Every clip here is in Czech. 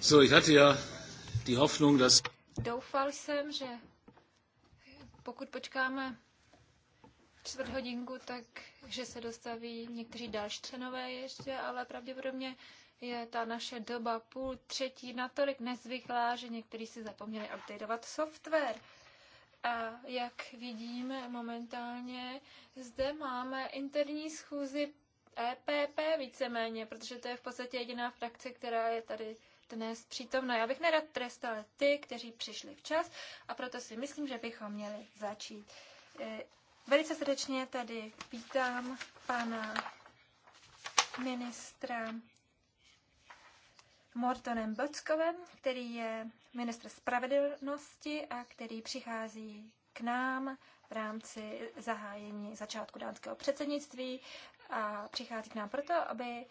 So, ich hatte ja die Hoffnung, dass... Doufal jsem, že pokud počkáme čtvrt hodinku, tak že se dostaví někteří další členové ještě, ale pravděpodobně je ta naše doba půl třetí natolik nezvyklá, že někteří si zapomněli updateovat software. A jak vidíme momentálně, zde máme interní schůzi EPP víceméně, protože to je v podstatě jediná frakce, která je tady dnes přítomno. Já bych nerad trestal ty, kteří přišli včas a proto si myslím, že bychom měli začít. E, velice srdečně tady vítám pana ministra Mortonem Bockovem, který je ministr spravedlnosti a který přichází k nám v rámci zahájení začátku dánského předsednictví a přichází k nám proto, aby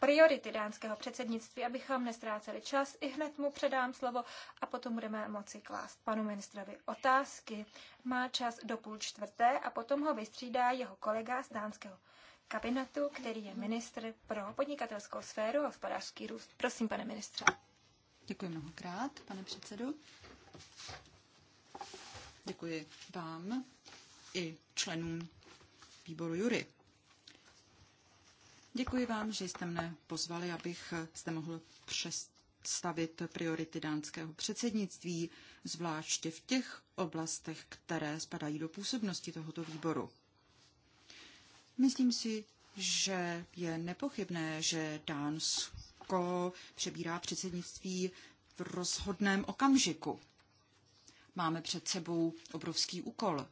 priority dánského předsednictví, abychom nestráceli čas. I hned mu předám slovo a potom budeme moci klást panu ministrovi otázky. Má čas do půl čtvrté a potom ho vystřídá jeho kolega z dánského kabinetu, který je ministr pro podnikatelskou sféru a hospodářský růst. Prosím, pane ministře. Děkuji mnohokrát, pane předsedu. Děkuji vám i členům výboru Jury. Děkuji vám, že jste mne pozvali, abych jste mohl představit priority dánského předsednictví, zvláště v těch oblastech, které spadají do působnosti tohoto výboru. Myslím si, že je nepochybné, že Dánsko přebírá předsednictví v rozhodném okamžiku. Máme před sebou obrovský úkol.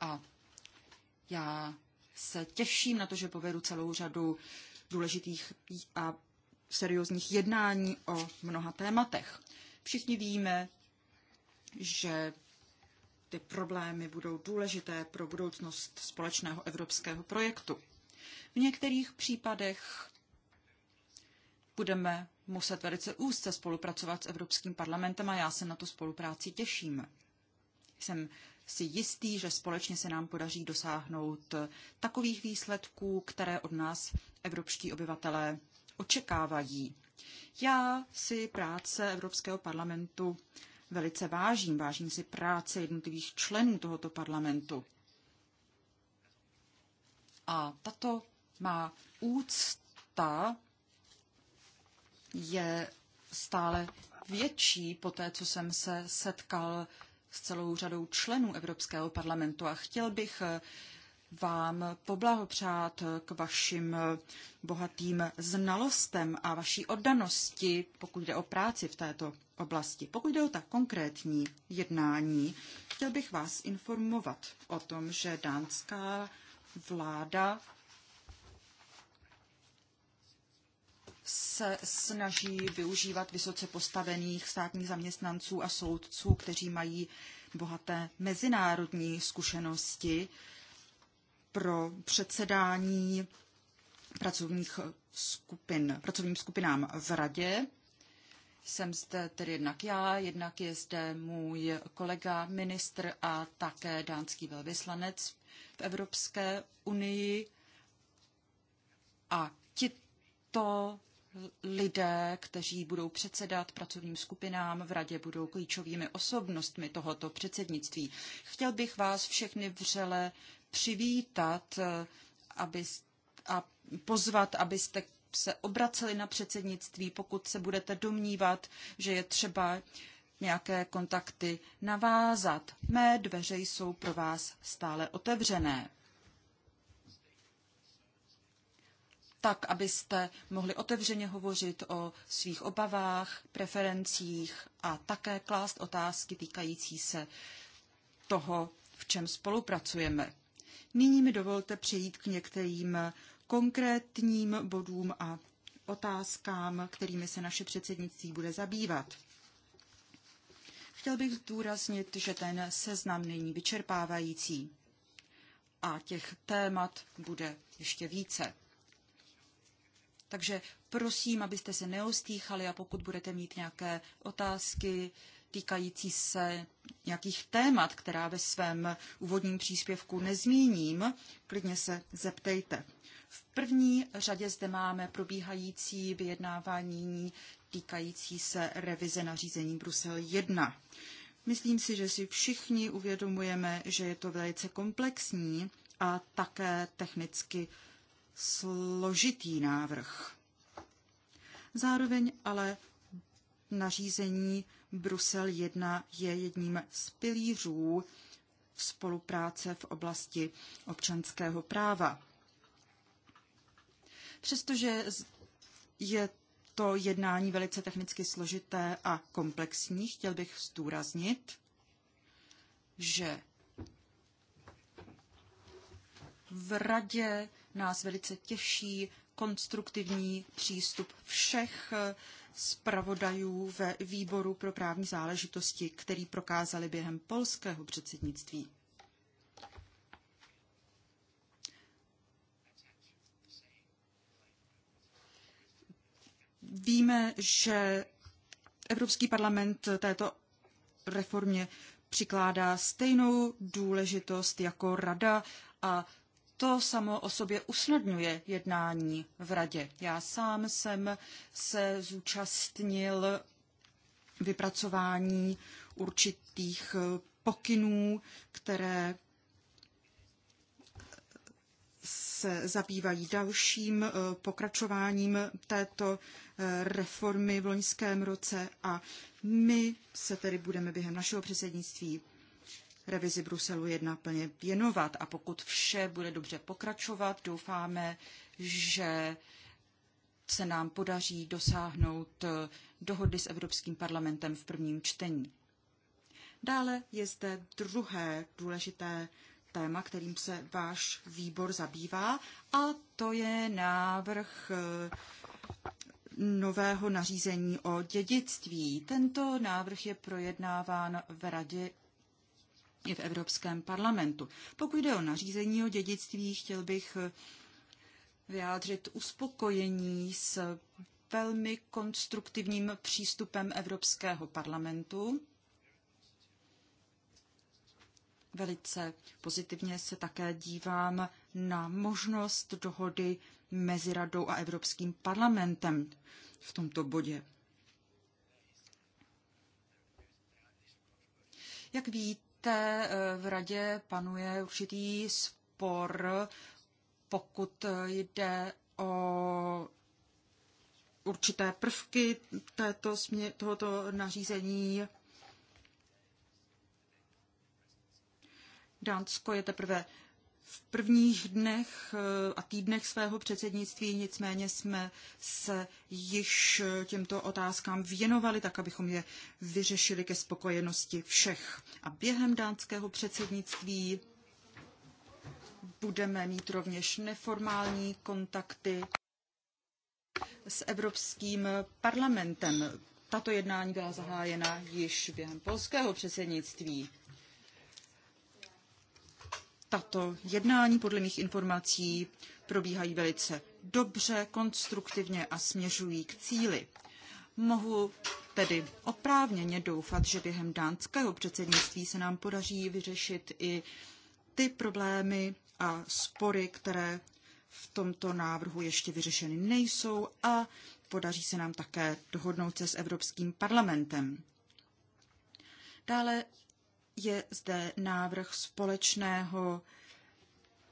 A já se těším na to, že povedu celou řadu důležitých a seriózních jednání o mnoha tématech. Všichni víme, že ty problémy budou důležité pro budoucnost společného evropského projektu. V některých případech budeme muset velice úzce spolupracovat s Evropským parlamentem a já se na tu spolupráci těším. Jsem si jistý, že společně se nám podaří dosáhnout takových výsledků, které od nás evropští obyvatelé očekávají. Já si práce Evropského parlamentu velice vážím. Vážím si práce jednotlivých členů tohoto parlamentu. A tato má úcta je stále větší po té, co jsem se setkal s celou řadou členů Evropského parlamentu a chtěl bych eh, vám poblahopřát eh, k vašim eh, bohatým znalostem a vaší oddanosti, pokud jde o práci v této oblasti. Pokud jde o ta konkrétní jednání, chtěl bych vás informovat o tom, že dánská vláda se snaží využívat vysoce postavených státních zaměstnanců a soudců, kteří mají bohaté mezinárodní zkušenosti pro předsedání pracovních skupin, pracovním skupinám v radě. Jsem zde tedy jednak já, jednak je zde můj kolega, ministr a také dánský velvyslanec v Evropské unii. A tito lidé, kteří budou předsedat pracovním skupinám v radě, budou klíčovými osobnostmi tohoto předsednictví. Chtěl bych vás všechny vřele přivítat eh, aby, a pozvat, abyste se obraceli na předsednictví, pokud se budete domnívat, že je třeba nějaké kontakty navázat. Mé dveře jsou pro vás stále otevřené. tak, abyste mohli otevřeně hovořit o svých obavách, preferencích a také klást otázky týkající se toho, v čem spolupracujeme. Nyní mi dovolte přejít k některým konkrétním bodům a otázkám, kterými se naše předsednictví bude zabývat. Chtěl bych zdůraznit, že ten seznam není vyčerpávající a těch témat bude ještě více. Takže prosím, abyste se neostýchali a pokud budete mít nějaké otázky týkající se nějakých témat, která ve svém úvodním příspěvku nezmíním, klidně se zeptejte. V první řadě zde máme probíhající vyjednávání týkající se revize nařízení Brusel 1. Myslím si, že si všichni uvědomujeme, že je to velice komplexní a také technicky složitý návrh. Zároveň ale nařízení Brusel 1 je jedním z pilířů spolupráce v oblasti občanského práva. Přestože je to jednání velice technicky složité a komplexní, chtěl bych zdůraznit, že v radě nás velice těší konstruktivní přístup všech eh, zpravodajů ve výboru pro právní záležitosti, který prokázali během polského předsednictví. Víme, že Evropský parlament této reformě přikládá stejnou důležitost jako rada a to samo o sobě usnadňuje jednání v radě. Já sám jsem se zúčastnil vypracování určitých eh, pokynů, které se zabývají dalším eh, pokračováním této eh, reformy v loňském roce a my se tedy budeme během našeho předsednictví revizi Bruselu 1 plně věnovat. A pokud vše bude dobře pokračovat, doufáme, že se nám podaří dosáhnout eh, dohody s Evropským parlamentem v prvním čtení. Dále je zde druhé důležité téma, kterým se váš výbor zabývá, a to je návrh eh, nového nařízení o dědictví. Tento návrh je projednáván v Radě i v Evropském parlamentu. Pokud jde o nařízení o dědictví, chtěl bych eh, vyjádřit uspokojení s velmi konstruktivním přístupem Evropského parlamentu. Velice pozitivně se také dívám na možnost dohody mezi Radou a Evropským parlamentem v tomto bodě. Jak víte, víte, eh, v radě panuje určitý spor, pokud eh, jde o určité prvky této smě- tohoto nařízení. Dánsko je teprve v prvních dnech eh, a týdnech svého předsednictví, nicméně jsme se již eh, těmto otázkám věnovali, tak abychom je vyřešili ke spokojenosti všech. A během dánského předsednictví budeme mít rovněž neformální kontakty s Evropským parlamentem. Tato jednání byla zahájena již během polského předsednictví tato jednání podle mých informací probíhají velice dobře, konstruktivně a směřují k cíli. Mohu tedy oprávněně doufat, že během dánského předsednictví se nám podaří vyřešit i ty problémy a spory, které v tomto návrhu ještě vyřešeny nejsou a podaří se nám také dohodnout se s Evropským parlamentem. Dále je zde návrh společného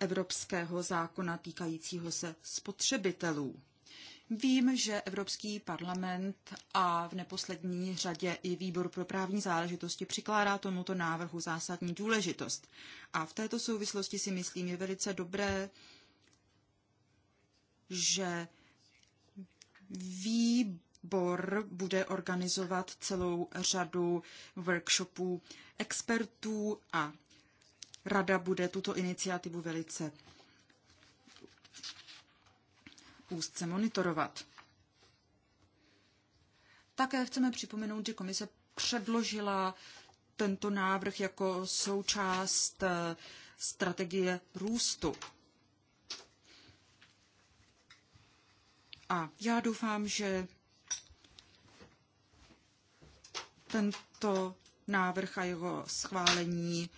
evropského zákona týkajícího se spotřebitelů. Vím, že Evropský parlament a v neposlední řadě i výbor pro právní záležitosti přikládá tomuto návrhu zásadní důležitost. A v této souvislosti si myslím je velice dobré, že výbor bude organizovat celou řadu workshopů expertů a rada bude tuto iniciativu velice úzce monitorovat. Také chceme připomenout, že komise předložila tento návrh jako součást eh, strategie růstu. A já doufám, že tento návrh a jeho schválení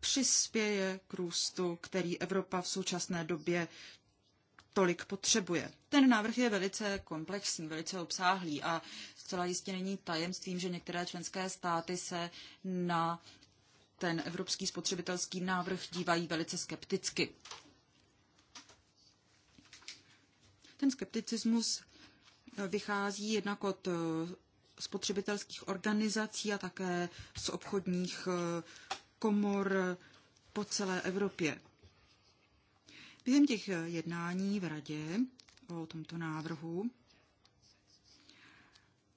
přispěje k růstu, který Evropa v současné době tolik potřebuje. Ten návrh je velice komplexní, velice obsáhlý a zcela jistě není tajemstvím, že některé členské státy se na ten evropský spotřebitelský návrh dívají velice skepticky. Ten skepticismus vychází jednak od spotřebitelských organizací a také z obchodních eh, komor po celé Evropě. Během těch eh, jednání v Radě o tomto návrhu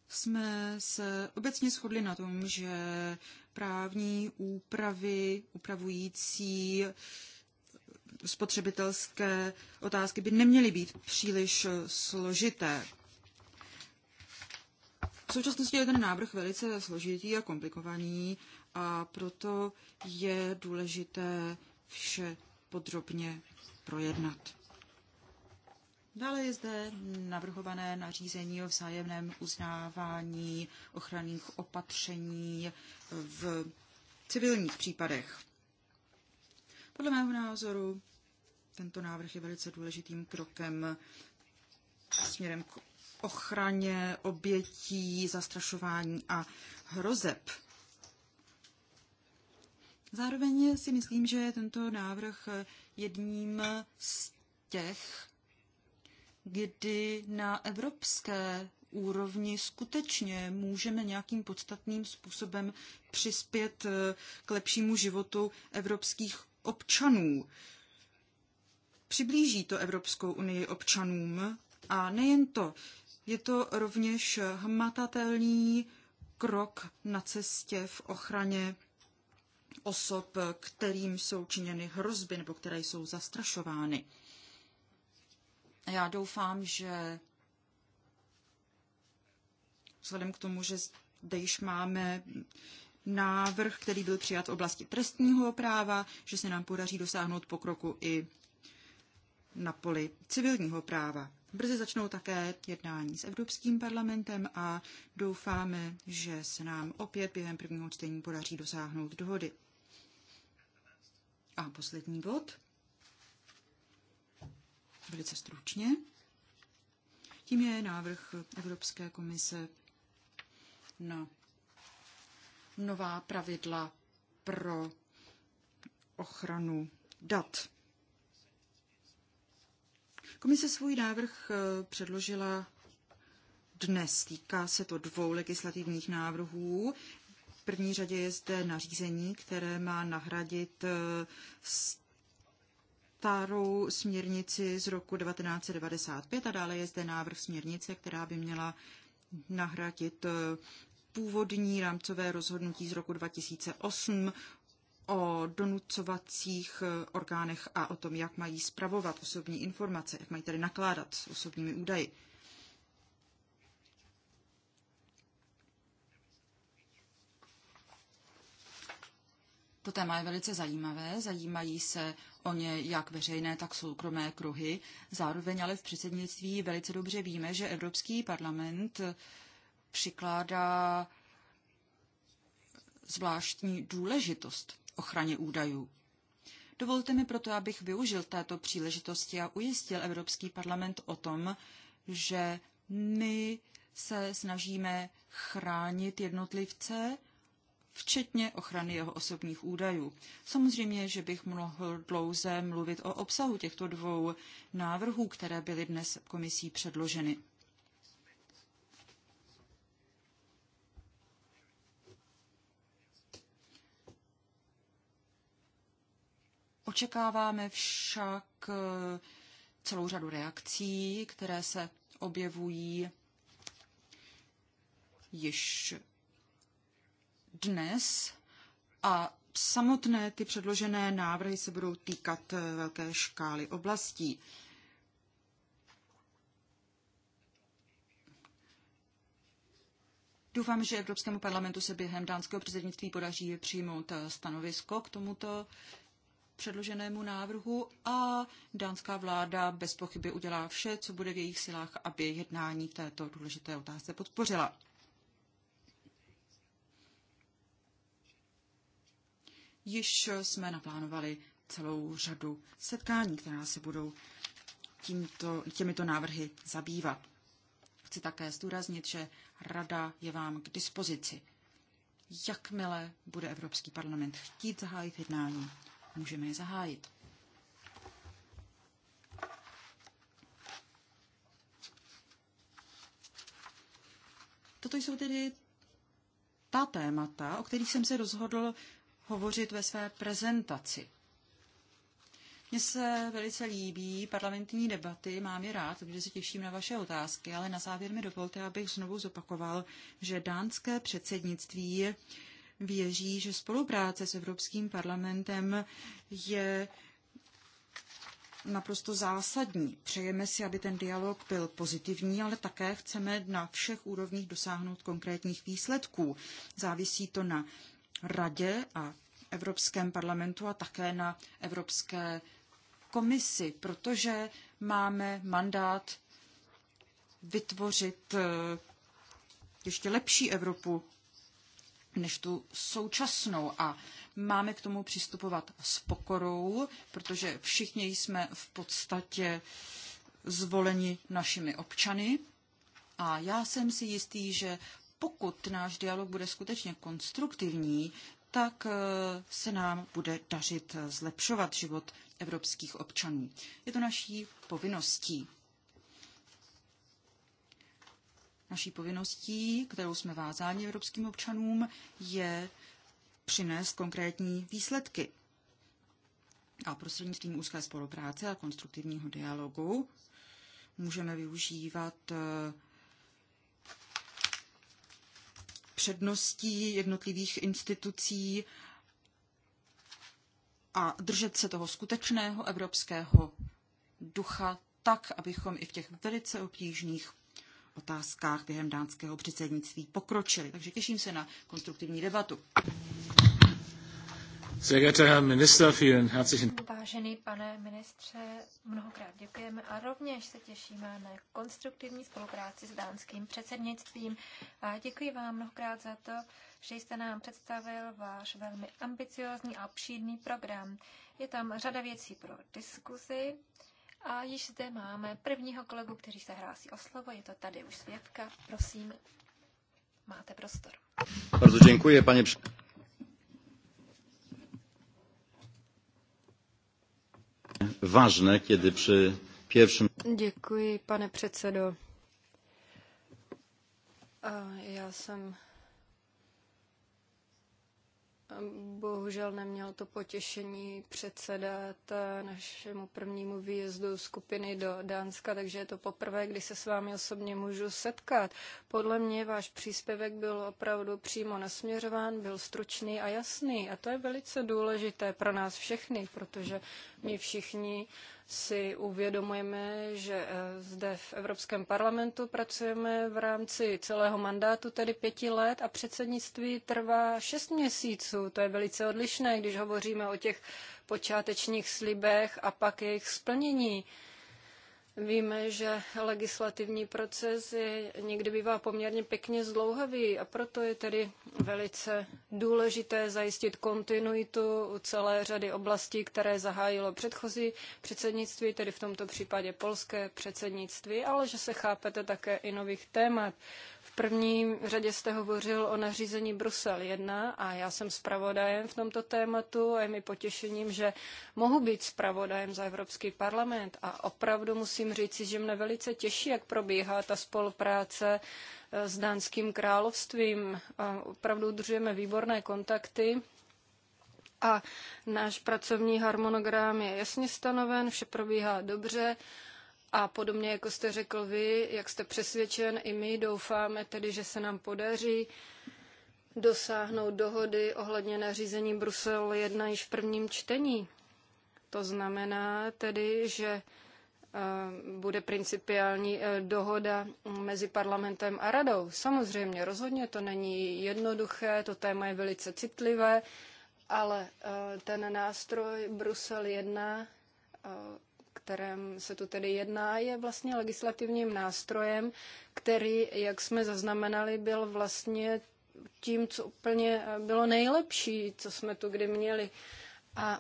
jsme se obecně shodli na tom, že právní úpravy upravující eh, spotřebitelské otázky by neměly být příliš složité. V současnosti je ten návrh velice složitý a komplikovaný a proto je důležité vše podrobně projednat. Dále je zde navrhované nařízení o vzájemném uznávání ochranných opatření v civilních případech. Podle mého názoru tento návrh je velice důležitým krokem směrem k ochraně obětí, zastrašování a hrozeb. Zároveň si myslím, že je tento návrh jedním z těch, kdy na evropské úrovni skutečně můžeme nějakým podstatným způsobem přispět eh, k lepšímu životu evropských občanů. Přiblíží to Evropskou unii občanům a nejen to, je to rovněž hmatatelný krok na cestě v ochraně osob, kterým jsou činěny hrozby nebo které jsou zastrašovány. Já doufám, že vzhledem k tomu, že zde již máme návrh, který byl přijat v oblasti trestního práva, že se nám podaří dosáhnout pokroku i na poli civilního práva. Brzy začnou také jednání s Evropským parlamentem a doufáme, že se nám opět během prvního čtení podaří dosáhnout dohody. A poslední bod. Velice stručně. Tím je návrh Evropské komise na nová pravidla pro ochranu dat. Komise svůj návrh eh, předložila dnes. Týká se to dvou legislativních návrhů. V první řadě je zde nařízení, které má nahradit eh, starou směrnici z roku 1995 a dále je zde návrh směrnice, která by měla nahradit eh, původní rámcové rozhodnutí z roku 2008 o donucovacích eh, orgánech a o tom, jak mají spravovat osobní informace, jak mají tedy nakládat s osobními údaji. To téma je velice zajímavé, zajímají se o ně jak veřejné, tak soukromé kruhy. Zároveň ale v předsednictví velice dobře víme, že Evropský parlament eh, přikládá zvláštní důležitost ochraně údajů. Dovolte mi proto, abych využil této příležitosti a ujistil Evropský parlament o tom, že my se snažíme chránit jednotlivce, včetně ochrany jeho osobních údajů. Samozřejmě, že bych mohl dlouze mluvit o obsahu těchto dvou návrhů, které byly dnes komisí předloženy. Očekáváme však eh, celou řadu reakcí, které se objevují již dnes a samotné ty předložené návrhy se budou týkat eh, velké škály oblastí. Doufám, že Evropskému parlamentu se během dánského předsednictví podaří přijmout eh, stanovisko k tomuto předloženému návrhu a dánská vláda bez pochyby udělá vše, co bude v jejich silách, aby jednání v této důležité otázce podpořila. Již jsme naplánovali celou řadu setkání, která se budou tímto, těmito návrhy zabývat. Chci také zdůraznit, že Rada je vám k dispozici. Jakmile bude Evropský parlament chtít zahájit jednání, Můžeme je zahájit. Toto jsou tedy ta témata, o kterých jsem se rozhodl hovořit ve své prezentaci. Mně se velice líbí parlamentní debaty, mám je rád, takže se těším na vaše otázky, ale na závěr mi dovolte, abych znovu zopakoval, že dánské předsednictví věří, že spolupráce s Evropským parlamentem je naprosto zásadní. Přejeme si, aby ten dialog byl pozitivní, ale také chceme na všech úrovních dosáhnout konkrétních výsledků. Závisí to na radě a Evropském parlamentu a také na Evropské komisi, protože máme mandát vytvořit eh, ještě lepší Evropu než tu současnou a máme k tomu přistupovat s pokorou, protože všichni jsme v podstatě zvoleni našimi občany a já jsem si jistý, že pokud náš dialog bude skutečně konstruktivní, tak eh, se nám bude dařit eh, zlepšovat život evropských občanů. Je to naší povinností. Naší povinností, kterou jsme vázáni evropským občanům, je přinést konkrétní výsledky. A prostřednictvím úzké spolupráce a konstruktivního dialogu můžeme využívat eh, předností jednotlivých institucí a držet se toho skutečného evropského ducha tak, abychom i v těch velice obtížných otázkách během dánského předsednictví pokročili. Takže těším se na konstruktivní debatu. Vážený pane ministře, mnohokrát děkujeme a rovněž se těšíme na konstruktivní spolupráci s dánským předsednictvím. A děkuji vám mnohokrát za to, že jste nám představil váš velmi ambiciózní a obšírný program. Je tam řada věcí pro diskuzi a již zde máme prvního kolegu, který se hlásí o slovo. Je to tady už svědka. Prosím, máte prostor. Bardzo děkuji, paní Vážné, kdy při pěvším... Děkuji, pane předsedo. Já jsem Bohužel neměl to potěšení předsedat eh, našemu prvnímu výjezdu skupiny do Dánska, takže je to poprvé, kdy se s vámi osobně můžu setkat. Podle mě váš příspěvek byl opravdu přímo nasměřován, byl stručný a jasný a to je velice důležité pro nás všechny, protože my všichni si uvědomujeme, že eh, zde v Evropském parlamentu pracujeme v rámci celého mandátu, tedy pěti let, a předsednictví trvá šest měsíců. To je velice odlišné, když hovoříme o těch počátečních slibech a pak jejich splnění. Víme, že legislativní proces je, někdy bývá poměrně pěkně zdlouhavý a proto je tedy velice důležité zajistit kontinuitu u celé řady oblastí, které zahájilo předchozí předsednictví, tedy v tomto případě polské předsednictví, ale že se chápete také i nových témat. V prvním řadě jste hovořil o nařízení Brusel 1 a já jsem zpravodajem v tomto tématu a je mi potěšením, že mohu být zpravodajem za Evropský parlament a opravdu musím říci, že mne velice těší, jak probíhá ta spolupráce eh, s Dánským královstvím. A opravdu udržujeme výborné kontakty a náš pracovní harmonogram je jasně stanoven, vše probíhá dobře a podobně, jako jste řekl vy, jak jste přesvědčen, i my doufáme tedy, že se nám podaří dosáhnout dohody ohledně nařízení Brusel 1 již v prvním čtení. To znamená tedy, že eh, bude principiální eh, dohoda mezi parlamentem a radou. Samozřejmě, rozhodně to není jednoduché, to téma je velice citlivé, ale eh, ten nástroj Brusel 1 kterém se tu tedy jedná, je vlastně legislativním nástrojem, který, jak jsme zaznamenali, byl vlastně tím, co úplně eh, bylo nejlepší, co jsme tu kdy měli. A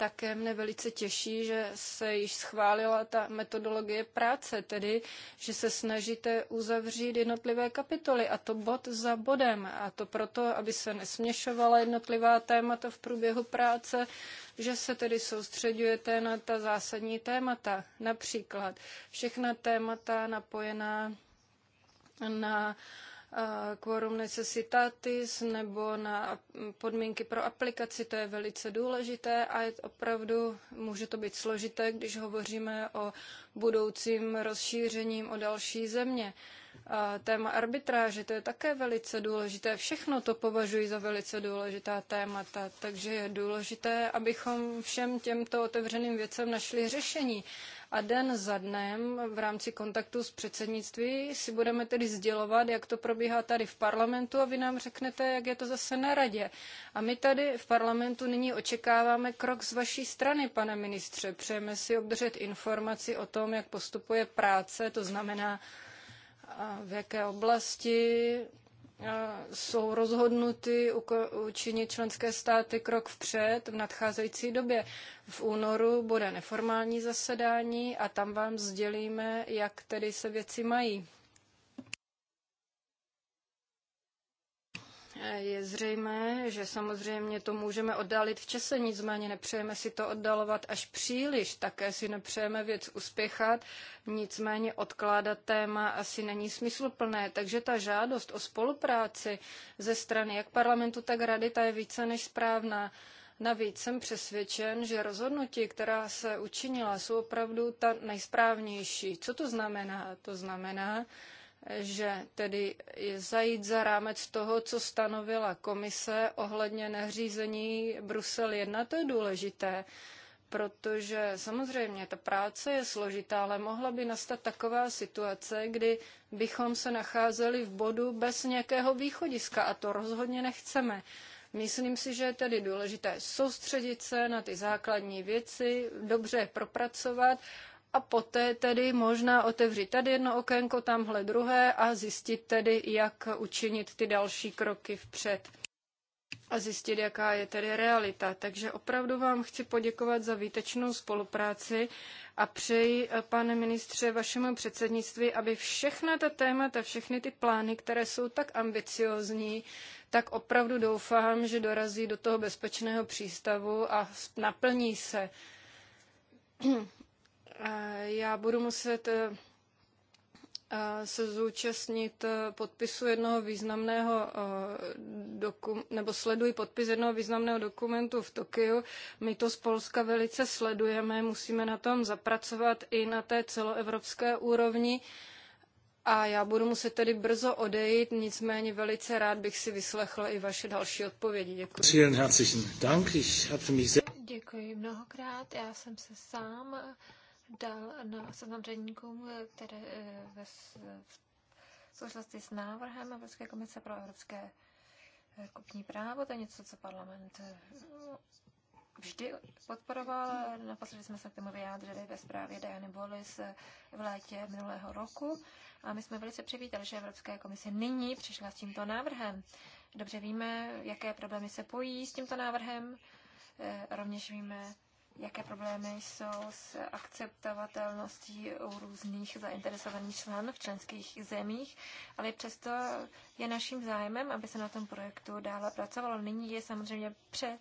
také mne velice těší, že se již schválila ta metodologie práce, tedy že se snažíte uzavřít jednotlivé kapitoly a to bod za bodem. A to proto, aby se nesměšovala jednotlivá témata v průběhu práce, že se tedy soustředujete na ta zásadní témata. Například všechna témata napojená na uh, quorum necessitatis nebo na podmínky pro aplikaci, to je velice důležité a je opravdu může to být složité, když hovoříme o budoucím rozšířením o další země. téma arbitráže, to je také velice důležité. Všechno to považuji za velice důležitá témata, takže je důležité, abychom všem těmto otevřeným věcem našli řešení. A den za dnem v rámci kontaktu s předsednictví si budeme tedy sdělovat, jak to probíhá tady v parlamentu a vy nám řeknete, jak je to zase na radě. A my tady v parlamentu nyní očekáváme krok z vaší strany, pane ministře. Přejeme si obdržet informaci o tom, jak postupuje práce, to znamená, v jaké oblasti jsou rozhodnuty učinit členské státy krok vpřed v nadcházející době. V únoru bude neformální zasedání a tam vám sdělíme, jak tedy se věci mají. Je zřejmé, že samozřejmě to můžeme oddálit v čase, nicméně nepřejeme si to oddalovat až příliš, také si nepřejeme věc uspěchat, nicméně odkládat téma asi není smysluplné. Takže ta žádost o spolupráci ze strany jak parlamentu, tak rady, ta je více než správná. Navíc jsem přesvědčen, že rozhodnutí, která se učinila, jsou opravdu ta nejsprávnější. Co to znamená? To znamená, že tedy zajít za rámec toho, co stanovila komise ohledně nařízení Brusel 1, to je důležité, protože samozřejmě ta práce je složitá, ale mohla by nastat taková situace, kdy bychom se nacházeli v bodu bez nějakého východiska a to rozhodně nechceme. Myslím si, že je tedy důležité soustředit se na ty základní věci, dobře je propracovat a poté tedy možná otevřít tady jedno okénko, tamhle druhé a zjistit tedy, jak učinit ty další kroky vpřed a zjistit, jaká je tedy realita. Takže opravdu vám chci poděkovat za výtečnou spolupráci a přeji, eh, pane ministře, vašemu předsednictví, aby všechna ta témata, všechny ty plány, které jsou tak ambiciozní, tak opravdu doufám, že dorazí do toho bezpečného přístavu a naplní se. Eh, já budu muset eh, eh, se zúčastnit podpisu jednoho významného nebo sleduji podpis jednoho významného dokumentu v Tokiu. My to z Polska velice sledujeme, musíme na tom zapracovat i na té celoevropské úrovni. A já budu muset tedy brzo odejít, nicméně velice rád bych si vyslechl i vaše další odpovědi. Děkuji. Děkuji mnohokrát. Já jsem se sám dal na seznam řadníkům, které eh, ve, v souvislosti s návrhem Evropské komise pro evropské eh, kupní právo, to je něco, co parlament eh, vždy podporoval. Naposledy jsme se k tomu vyjádřili ve zprávě Diany Bolis v létě minulého roku a my jsme velice přivítali, že Evropské komise nyní přišla s tímto návrhem. Dobře víme, jaké problémy se pojí s tímto návrhem, rovněž víme, jaké problémy jsou s akceptovatelností u různých zainteresovaných členů v členských zemích, ale přesto je naším zájmem, aby se na tom projektu dále pracovalo. Nyní je samozřejmě předčasné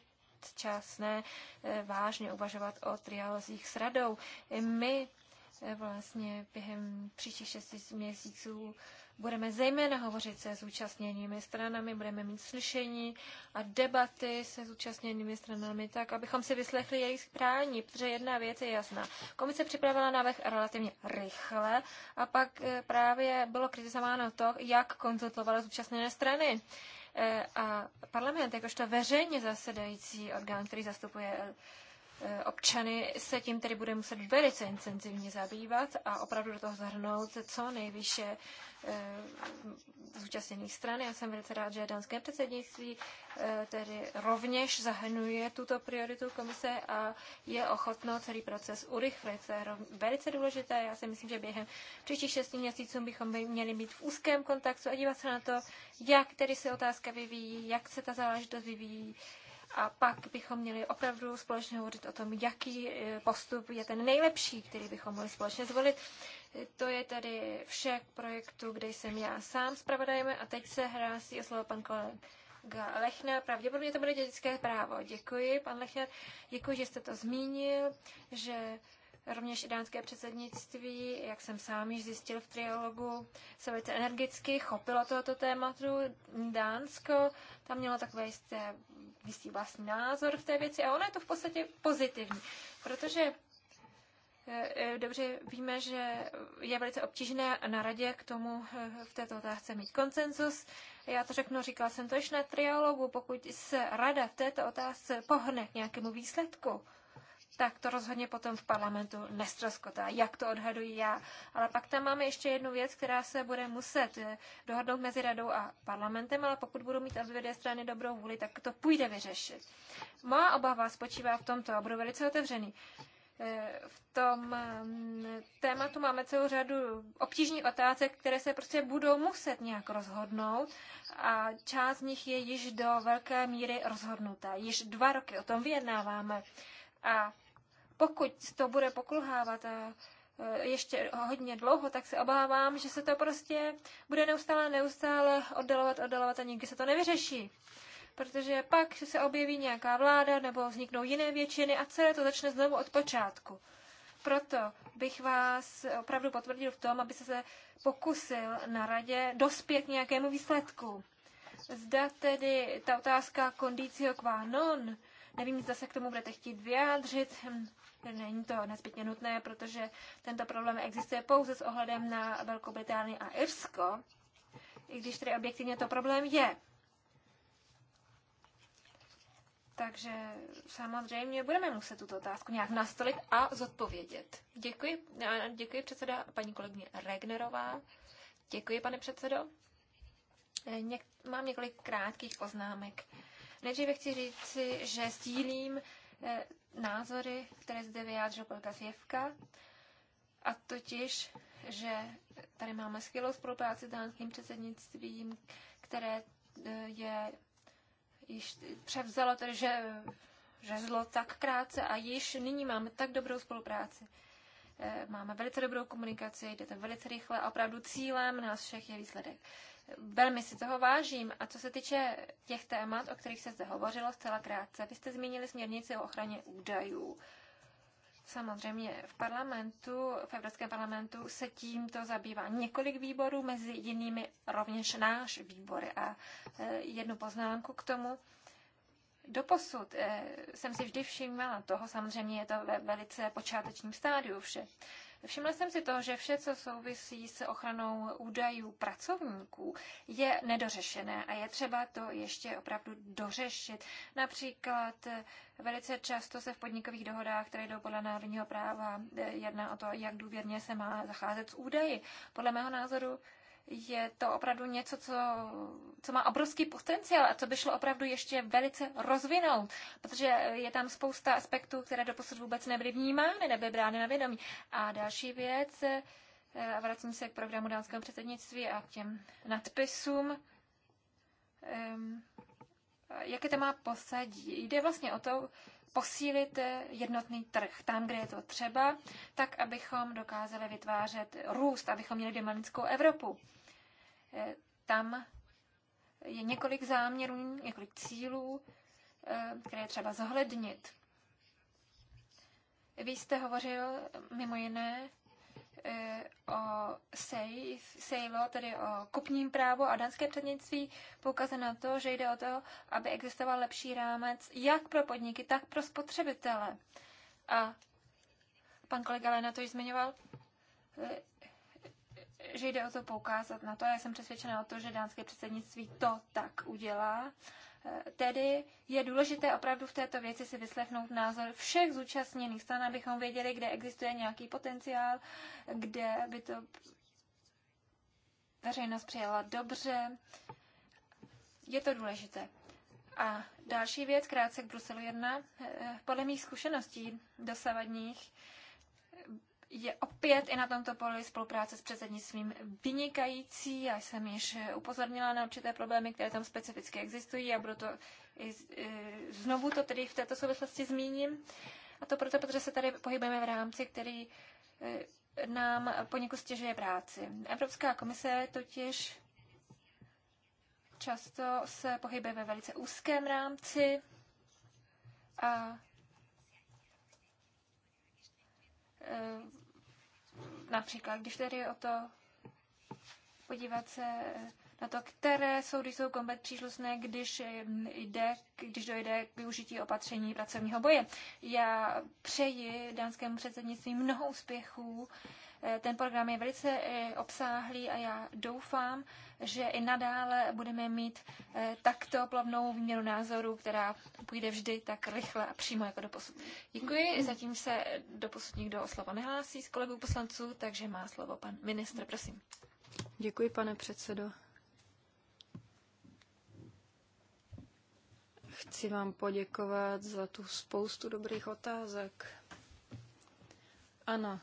časné eh, vážně uvažovat o trialozích s radou. My eh, vlastně během příštích šesti měsíců Budeme zejména hovořit se zúčastněnými stranami, budeme mít slyšení a debaty se zúčastněnými stranami tak, abychom si vyslechli jejich prání, protože jedna věc je jasná. Komise připravila návrh relativně rychle a pak eh, právě bylo kritizováno to, jak konzultovala zúčastněné strany. Eh, a parlament, jakožto veřejně zasedající orgán, který zastupuje eh, občany se tím tedy bude muset velice intenzivně zabývat a opravdu do toho zahrnout co nejvyšší Eh, zúčastněných stran. Já jsem velice rád, že danské předsednictví eh, tedy rovněž zahrnuje tuto prioritu komise a je ochotno celý proces urychlit. To je velice důležité. Já si myslím, že během příštích šesti měsíců bychom by měli být v úzkém kontaktu a dívat se na to, jak tedy se otázka vyvíjí, jak se ta záležitost vyvíjí. A pak bychom měli opravdu společně hovořit o tom, jaký eh, postup je ten nejlepší, který bychom mohli společně zvolit. To je tady vše k projektu, kde jsem já sám zpravodajeme a teď se hrásí o slovo pan kolega Lechna. Pravděpodobně to bude dětské právo. Děkuji, pan Lechner. Děkuji, že jste to zmínil, že Rovněž dánské předsednictví, jak jsem sám již zjistil v trialogu, se velice energicky chopilo tohoto tématu. Dánsko tam mělo takový jistý, jistý vlastní názor v té věci a ono je to v podstatě pozitivní, protože Eh, eh, dobře víme, že je velice obtížné na radě k tomu eh, v této otázce mít konsenzus. Já to řeknu, říkala jsem to již na triologu, pokud se rada v této otázce pohne k nějakému výsledku, tak to rozhodně potom v parlamentu nestroskotá, jak to odhaduji já. Ale pak tam máme ještě jednu věc, která se bude muset dohodnout mezi radou a parlamentem, ale pokud budou mít obě dvě strany dobrou vůli, tak to půjde vyřešit. Má obava spočívá v tomto a budu velice otevřený Eh, v tom mm, tématu máme celou řadu obtížných otázek, které se prostě budou muset nějak rozhodnout a část z nich je již do velké míry rozhodnutá. Již dva roky o tom vyjednáváme a pokud to bude pokulhávat a eh, eh, ještě hodně dlouho, tak se obávám, že se to prostě bude neustále, neustále oddalovat, oddalovat a nikdy se to nevyřeší protože pak se objeví nějaká vláda nebo vzniknou jiné většiny a celé to začne znovu od počátku. Proto bych vás opravdu potvrdil v tom, aby se se pokusil na radě dospět k nějakému výsledku. Zda tedy ta otázka kondicio qua non, nevím, zda se k tomu budete chtít vyjádřit, hm, není to nezbytně nutné, protože tento problém existuje pouze s ohledem na Velkou Británii a Irsko, i když tedy objektivně to problém je. Takže samozřejmě budeme muset tuto otázku nějak nastolit a zodpovědět. Děkuji, děkuji předseda paní kolegyně Regnerová. Děkuji, pane předsedo. Něk, mám několik krátkých poznámek. Nejdříve chci říci, že sdílím eh, názory, které zde vyjádřil kolega Zjevka, a totiž, že tady máme skvělou spolupráci s dánským předsednictvím, které eh, je již převzalo tedy, že žezlo tak krátce a již nyní máme tak dobrou spolupráci. Eh, máme velice dobrou komunikaci, jde to velice rychle a opravdu cílem nás všech je výsledek. Velmi si toho vážím. A co se týče těch témat, o kterých se zde hovořilo zcela krátce, vy jste zmínili směrnici o ochraně údajů. Samozřejmě v parlamentu, v Evropském parlamentu se tímto zabývá několik výborů, mezi jinými rovněž náš výbor. A e, jednu poznámku k tomu. Doposud e, jsem si vždy všimla toho, samozřejmě je to ve velice počátečním stádiu vše, Všimla jsem si toho, že vše, co souvisí s ochranou údajů pracovníků, je nedořešené a je třeba to ještě opravdu dořešit. Například eh, velice často se v podnikových dohodách, které jdou podle národního práva, eh, jedná o to, jak důvěrně se má zacházet s údaji. Podle mého názoru je to opravdu něco, co, co má obrovský potenciál a co by šlo opravdu ještě velice rozvinout, protože eh, je tam spousta aspektů, které doposud vůbec nebyly vnímány, nebyly brány na vědomí. A další věc, eh, a vracím se k programu dánského předsednictví a k těm nadpisům. Ehm, jaké to má posadí? Jde vlastně o to, posílit eh, jednotný trh tam, kde je to třeba, tak abychom dokázali vytvářet růst, abychom měli dynamickou Evropu. Eh, tam je několik záměrů, několik cílů, eh, které je třeba zohlednit. Vy jste hovořil mimo jiné eh, o sej, sejlo, tedy o kupním právu a danské přednictví poukaze na to, že jde o to, aby existoval lepší rámec jak pro podniky, tak pro spotřebitele. A pan kolega Lena to již zmiňoval, že jde o to poukázat na to, já jsem přesvědčena o to, že dánské předsednictví to tak udělá. Eh, tedy je důležité opravdu v této věci si vyslechnout názor všech zúčastněných stran, abychom věděli, kde existuje nějaký potenciál, kde by to veřejnost přijala dobře. Je to důležité. A další věc, krátce k Bruselu 1. Eh, podle mých zkušeností dosavadních je opět i na tomto poli spolupráce s předsednictvím vynikající. Já jsem již upozornila na určité problémy, které tam specificky existují a budu to i, e, znovu to tedy v této souvislosti zmíním. A to proto, protože se tady pohybujeme v rámci, který e, nám poněkud stěžuje práci. Evropská komise totiž často se pohybuje ve velice úzkém rámci a Například, když tedy o to podívat se na to, které soudy jsou komplet příslušné, když, jde, když dojde k využití opatření pracovního boje. Já přeji dánskému předsednictví mnoho úspěchů. Eh, ten program je velice eh, obsáhlý a já doufám, že i nadále budeme mít eh, takto plavnou výměnu názorů, která půjde vždy tak rychle a přímo jako do posud. Děkuji. Zatím se do posud nikdo o slovo nehlásí z kolegů poslanců, takže má slovo pan ministr, prosím. Děkuji, pane předsedo. Chci vám poděkovat za tu spoustu dobrých otázek. Ano,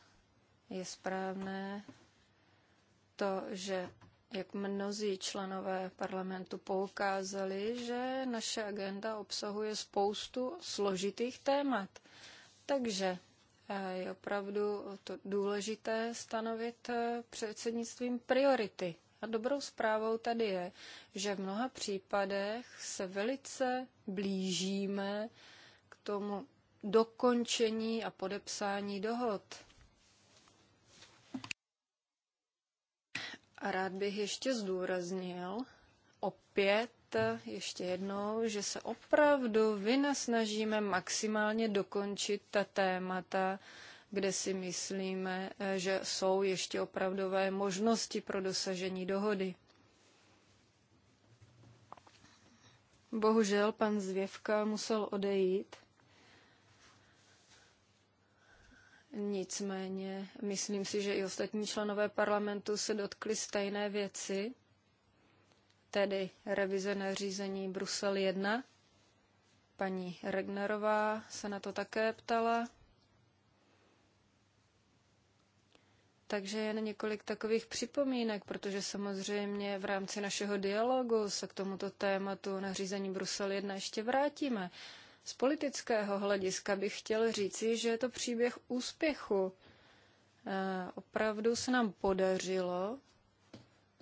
je správné to, že jak mnozí členové parlamentu poukázali, že naše agenda obsahuje spoustu složitých témat. Takže je opravdu to důležité stanovit eh, předsednictvím priority. A dobrou zprávou tady je, že v mnoha případech se velice blížíme k tomu dokončení a podepsání dohod. A rád bych ještě zdůraznil, opět ještě jednou, že se opravdu vynasnažíme maximálně dokončit ta témata, kde si myslíme, eh, že jsou ještě opravdové možnosti pro dosažení dohody. Bohužel pan Zvěvka musel odejít. Nicméně, myslím si, že i ostatní členové parlamentu se dotkli stejné věci, tedy revize nařízení Brusel 1. Paní Regnerová se na to také ptala. Takže jen několik takových připomínek, protože samozřejmě v rámci našeho dialogu se k tomuto tématu nařízení Brusel 1 ještě vrátíme. Z politického hlediska bych chtěl říci, že je to příběh úspěchu. E, opravdu se nám podařilo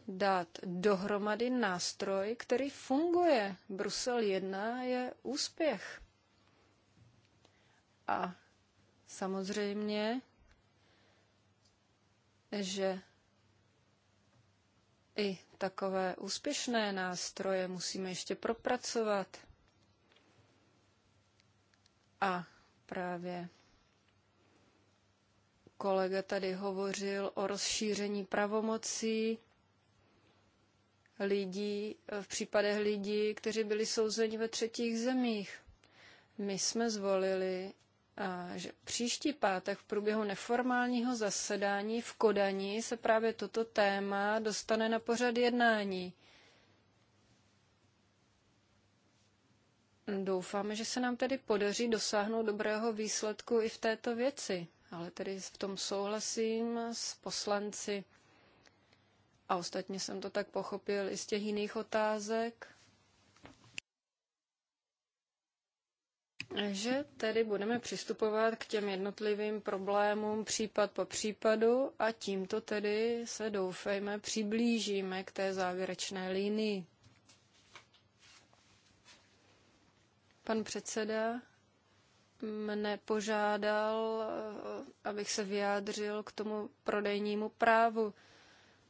dát dohromady nástroj, který funguje. Brusel 1 je úspěch. A samozřejmě že i takové úspěšné nástroje musíme ještě propracovat. A právě kolega tady hovořil o rozšíření pravomocí lidí, v případech lidí, kteří byli souzeni ve třetích zemích. My jsme zvolili že příští pátek v průběhu neformálního zasedání v Kodani se právě toto téma dostane na pořad jednání. Doufáme, že se nám tedy podaří dosáhnout dobrého výsledku i v této věci, ale tedy v tom souhlasím s poslanci. A ostatně jsem to tak pochopil i z těch jiných otázek, že tedy budeme přistupovat k těm jednotlivým problémům případ po případu a tímto tedy se doufejme přiblížíme k té závěrečné linii. Pan předseda mne požádal, eh, abych se vyjádřil k tomu prodejnímu právu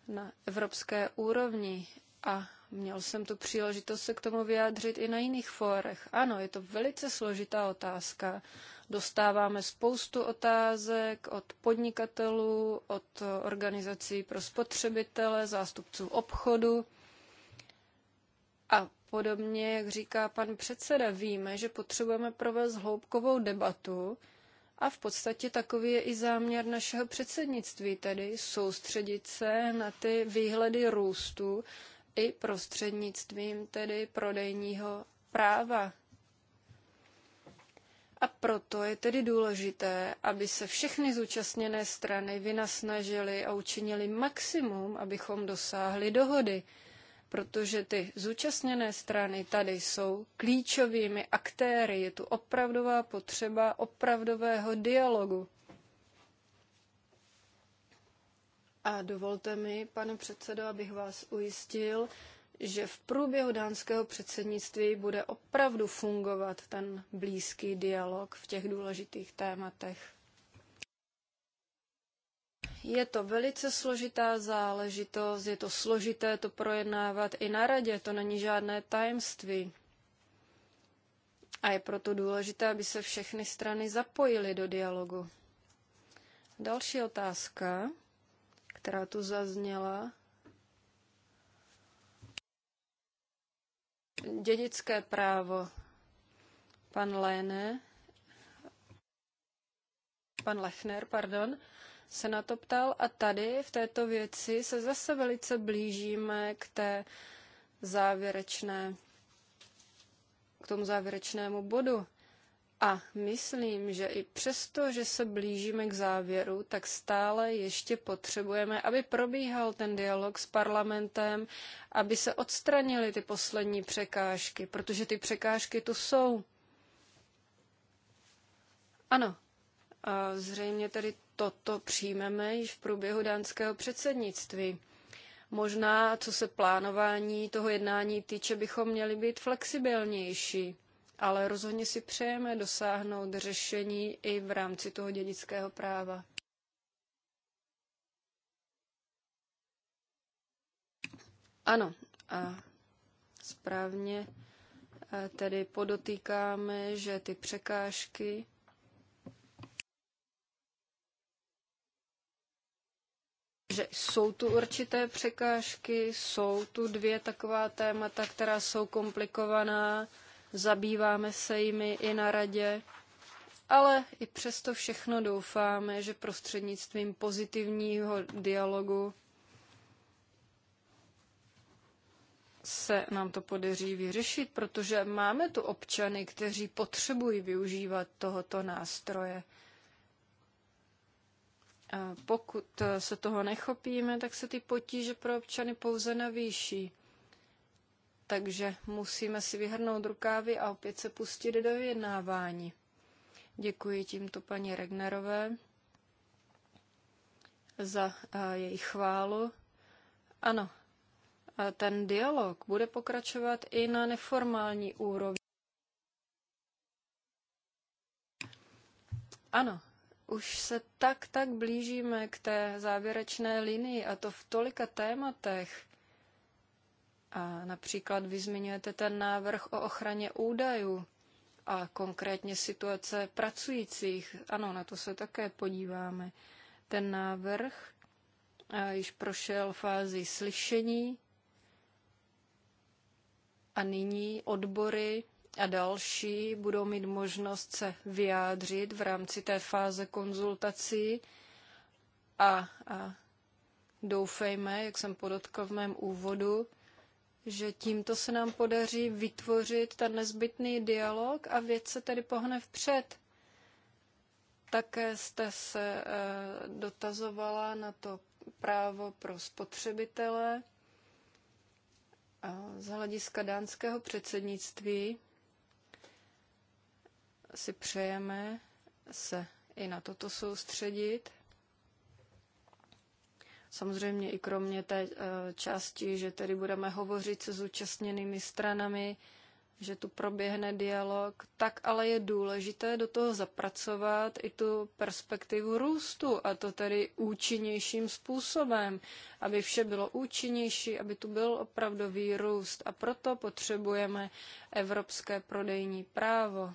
na evropské úrovni a Měl jsem tu příležitost se k tomu vyjádřit i na jiných fórech. Ano, je to velice složitá otázka. Dostáváme spoustu otázek od podnikatelů, od organizací pro spotřebitele, zástupců obchodu. A podobně, jak říká pan předseda, víme, že potřebujeme provést hloubkovou debatu a v podstatě takový je i záměr našeho předsednictví, tedy soustředit se na ty výhledy růstu i prostřednictvím tedy prodejního práva. A proto je tedy důležité, aby se všechny zúčastněné strany vynasnažily a učinili maximum, abychom dosáhli dohody, protože ty zúčastněné strany tady jsou klíčovými aktéry. Je tu opravdová potřeba opravdového dialogu. A dovolte mi, pane předsedo, abych vás ujistil, že v průběhu dánského předsednictví bude opravdu fungovat ten blízký dialog v těch důležitých tématech. Je to velice složitá záležitost, je to složité to projednávat i na radě, to není žádné tajemství. A je proto důležité, aby se všechny strany zapojily do dialogu. Další otázka která tu zazněla. Dědické právo. Pan Léne, pan Lechner, pardon, se na to ptal a tady v této věci se zase velice blížíme k té závěrečné, k tomu závěrečnému bodu. A myslím, že i přesto, že se blížíme k závěru, tak stále ještě potřebujeme, aby probíhal ten dialog s parlamentem, aby se odstranily ty poslední překážky, protože ty překážky tu jsou. Ano, a zřejmě tedy toto přijmeme již v průběhu dánského předsednictví. Možná, co se plánování toho jednání týče, bychom měli být flexibilnější ale rozhodně si přejeme dosáhnout řešení i v rámci toho dědického práva. Ano, a správně e, tedy podotýkáme, že ty překážky že jsou tu určité překážky, jsou tu dvě taková témata, která jsou komplikovaná zabýváme se jimi i na radě, ale i přesto všechno doufáme, že prostřednictvím pozitivního dialogu se nám to podaří vyřešit, protože máme tu občany, kteří potřebují využívat tohoto nástroje. A pokud se toho nechopíme, tak se ty potíže pro občany pouze navýší takže musíme si vyhrnout rukávy a opět se pustit do vyjednávání. Děkuji tímto paní Regnerové za eh, její chválu. Ano, eh, ten dialog bude pokračovat i na neformální úrovni. Ano, už se tak, tak blížíme k té závěrečné linii a to v tolika tématech. A například vy zmiňujete ten návrh o ochraně údajů a konkrétně situace pracujících. Ano, na to se také podíváme. Ten návrh eh, již prošel fázi slyšení a nyní odbory a další budou mít možnost se vyjádřit v rámci té fáze konzultací a, a doufejme, jak jsem podotkl v mém úvodu, že tímto se nám podaří vytvořit ten nezbytný dialog a věc se tedy pohne vpřed. Také jste se eh, dotazovala na to právo pro spotřebitele z hlediska dánského předsednictví si přejeme se i na toto soustředit. Samozřejmě i kromě té eh, části, že tedy budeme hovořit se zúčastněnými stranami, že tu proběhne dialog, tak ale je důležité do toho zapracovat i tu perspektivu růstu a to tedy účinnějším způsobem, aby vše bylo účinnější, aby tu byl opravdový růst a proto potřebujeme evropské prodejní právo.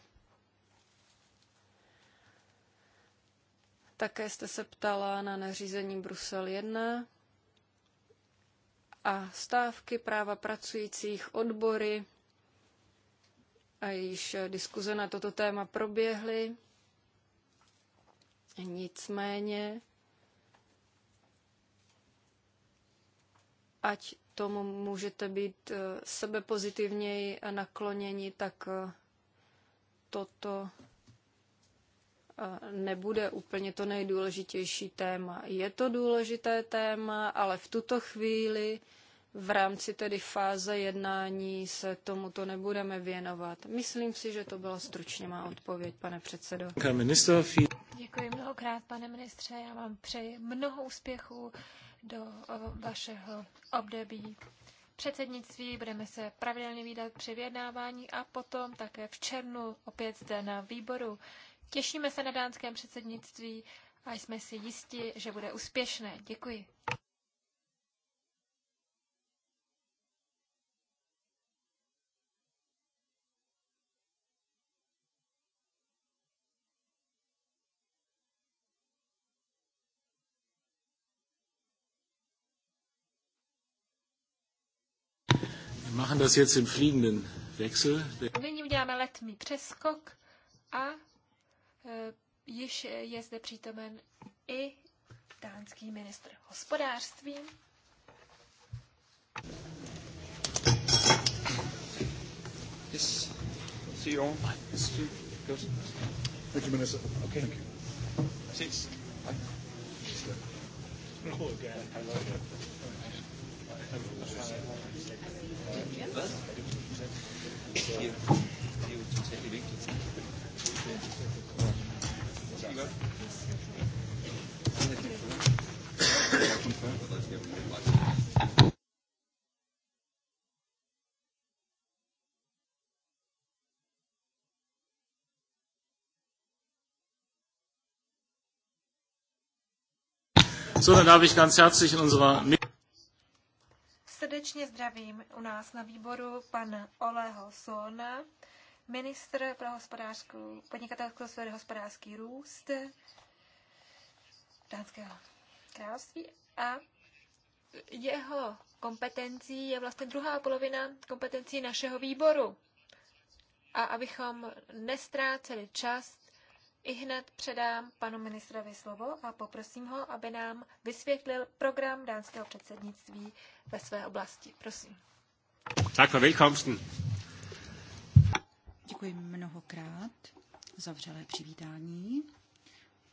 Také jste se ptala na nařízení Brusel 1 a stávky práva pracujících odbory. A již diskuze na toto téma proběhly. Nicméně, ať tomu můžete být eh, sebepozitivněji nakloněni, tak eh, toto nebude úplně to nejdůležitější téma. Je to důležité téma, ale v tuto chvíli v rámci tedy fáze jednání se tomuto nebudeme věnovat. Myslím si, že to byla stručně má odpověď, pane předsedo. Děkuji mnohokrát, pane ministře. Já vám přeji mnoho úspěchů do vašeho období předsednictví. Budeme se pravidelně výdat při vyjednávání a potom také v černu opět zde na výboru. Těšíme se na dánském předsednictví a jsme si jisti, že bude úspěšné. Děkuji. Nyní uděláme letmý přeskok a Eh, již je zde přítomen i dánský ministr hospodářství. Yes. Minister. So, dann darf ich ganz herzlich unserer Srdečně zdravím u nás na výboru pana Oleho Sona, ministr pro hospodářskou, podnikatelskou sféru hospodářský růst Dánského království a jeho kompetencí je vlastně druhá polovina kompetencí našeho výboru. A abychom nestráceli čas, i hned předám panu ministrovi slovo a poprosím ho, aby nám vysvětlil program dánského předsednictví ve své oblasti. Prosím. Tak a velkomsten. Děkuji mnohokrát za vřelé přivítání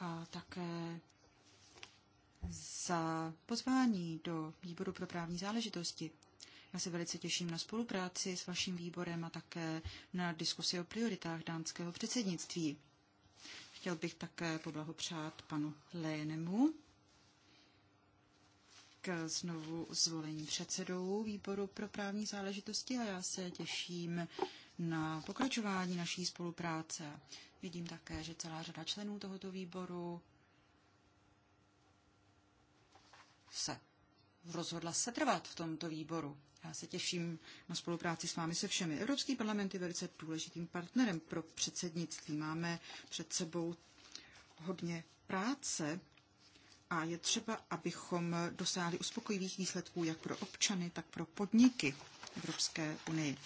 a také za pozvání do výboru pro právní záležitosti. Já se velice těším na spolupráci s vaším výborem a také na diskusi o prioritách dánského předsednictví. Chtěl bych také poblahopřát panu Lénemu k znovu zvolení předsedou výboru pro právní záležitosti a já se těším na pokračování naší spolupráce. Vidím také, že celá řada členů tohoto výboru se rozhodla setrvat v tomto výboru. Já se těším na spolupráci s vámi se všemi. Evropský parlament je velice důležitým partnerem pro předsednictví. Máme před sebou hodně práce a je třeba, abychom dosáhli uspokojivých výsledků jak pro občany, tak pro podniky Evropské unie.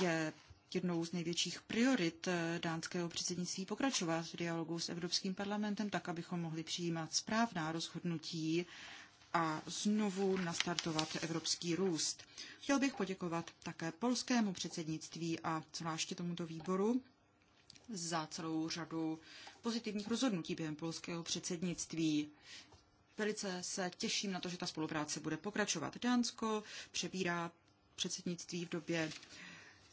Je jednou z největších priorit eh, dánského předsednictví pokračovat v dialogu s Evropským parlamentem, tak abychom mohli přijímat správná rozhodnutí a znovu nastartovat evropský růst. Chtěl bych poděkovat také polskému předsednictví a zvláště tomuto výboru za celou řadu pozitivních rozhodnutí během polského předsednictví. Velice se těším na to, že ta spolupráce bude pokračovat. Dánsko přebírá předsednictví v době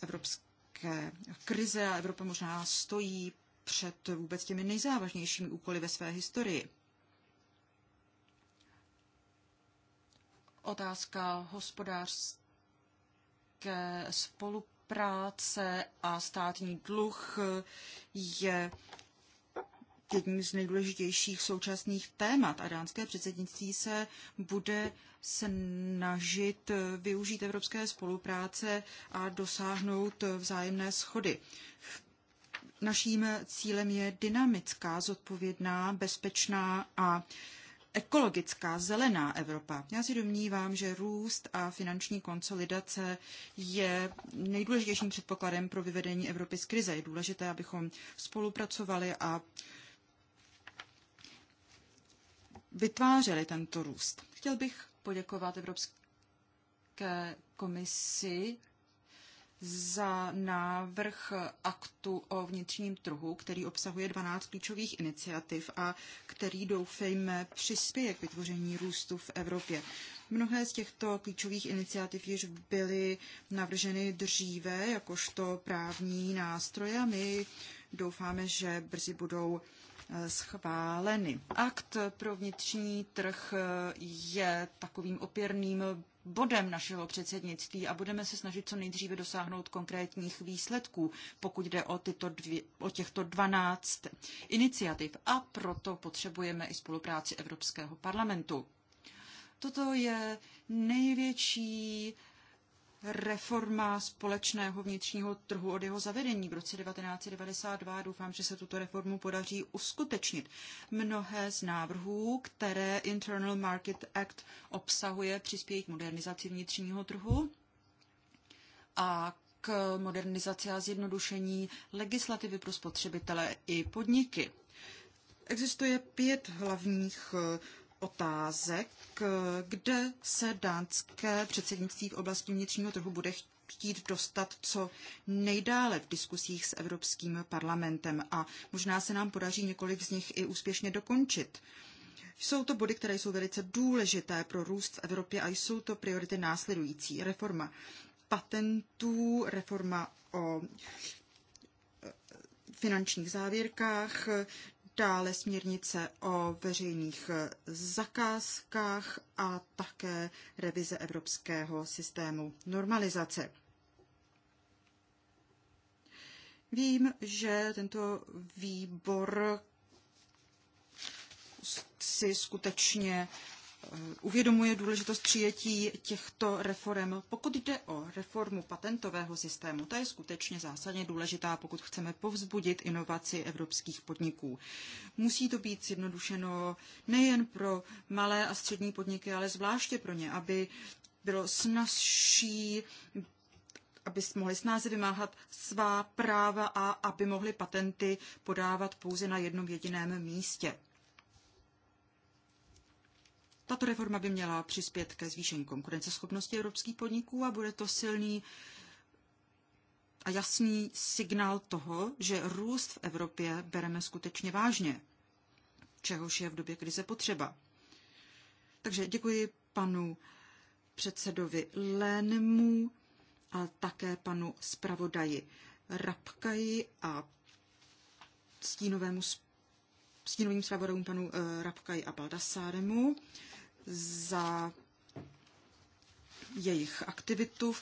evropské krize a Evropa možná stojí před vůbec těmi nejzávažnějšími úkoly ve své historii. otázka hospodářské spolupráce a státní dluh je jedním z nejdůležitějších současných témat a dánské předsednictví se bude snažit využít evropské spolupráce a dosáhnout vzájemné schody. Naším cílem je dynamická, zodpovědná, bezpečná a ekologická, zelená Evropa. Já si domnívám, že růst a finanční konsolidace je nejdůležitějším předpokladem pro vyvedení Evropy z krize. Je důležité, abychom spolupracovali a vytvářeli tento růst. Chtěl bych poděkovat Evropské komisi za návrh aktu o vnitřním trhu, který obsahuje 12 klíčových iniciativ a který, doufejme, přispěje k vytvoření růstu v Evropě. Mnohé z těchto klíčových iniciativ již byly navrženy dříve jakožto právní nástroje a my doufáme, že brzy budou eh, schváleny. Akt pro vnitřní trh eh, je takovým opěrným bodem našeho předsednictví a budeme se snažit co nejdříve dosáhnout konkrétních výsledků, pokud jde o, tyto dvě, o těchto 12 iniciativ. A proto potřebujeme i spolupráci Evropského parlamentu. Toto je největší reforma společného vnitřního trhu od jeho zavedení v roce 1992 doufám, že se tuto reformu podaří uskutečnit. Mnohé z návrhů, které Internal Market Act obsahuje, přispějí k modernizaci vnitřního trhu a k modernizaci a zjednodušení legislativy pro spotřebitele i podniky. Existuje pět hlavních otázek, kde se dánské předsednictví v oblasti vnitřního trhu bude chtít dostat co nejdále v diskusích s Evropským parlamentem a možná se nám podaří několik z nich i úspěšně dokončit. Jsou to body, které jsou velice důležité pro růst v Evropě a jsou to priority následující. Reforma patentů, reforma o finančních závěrkách, dále směrnice o veřejných zakázkách a také revize evropského systému normalizace. Vím, že tento výbor si skutečně Eh, uvědomuje důležitost přijetí těchto reform. Pokud jde o reformu patentového systému, ta je skutečně zásadně důležitá, pokud chceme povzbudit inovaci evropských podniků. Musí to být zjednodušeno nejen pro malé a střední podniky, ale zvláště pro ně, aby bylo snazší aby mohli snáze vymáhat svá práva a aby mohli patenty podávat pouze na jednom jediném místě. Tato reforma by měla přispět ke zvýšení konkurenceschopnosti evropských podniků a bude to silný a jasný signál toho, že růst v Evropě bereme skutečně vážně, čehož je v době krize potřeba. Takže děkuji panu předsedovi Lénemu a také panu zpravodaji Rapkaji a stínovému, stínovým zpravodajům panu eh, Rapkaji a Baldassáremu za jejich aktivitu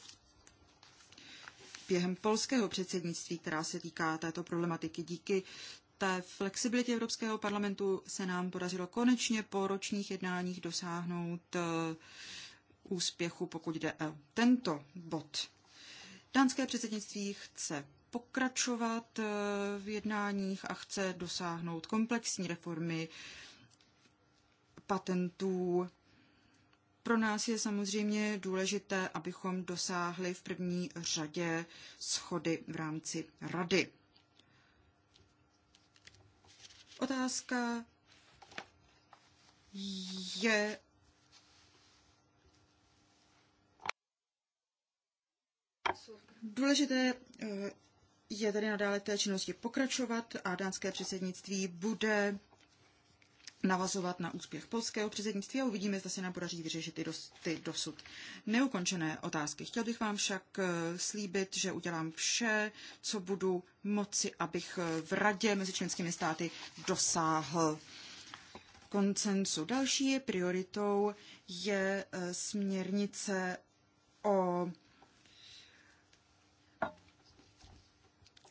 během polského předsednictví, která se týká této problematiky. Díky té flexibilitě Evropského parlamentu se nám podařilo konečně po ročních jednáních dosáhnout eh, úspěchu, pokud jde o tento bod. Dánské předsednictví chce pokračovat eh, v jednáních a chce dosáhnout komplexní reformy patentů pro nás je samozřejmě důležité, abychom dosáhli v první řadě schody v rámci rady. Otázka je Důležité eh, je tedy nadále té činnosti pokračovat a dánské předsednictví bude navazovat na úspěch polského předsednictví a uvidíme, zda se nám podaří vyřešit ty, dos, ty dosud neukončené otázky. Chtěl bych vám však eh, slíbit, že udělám vše, co budu moci, abych eh, v radě mezi členskými státy dosáhl koncensu. Další prioritou je eh, směrnice o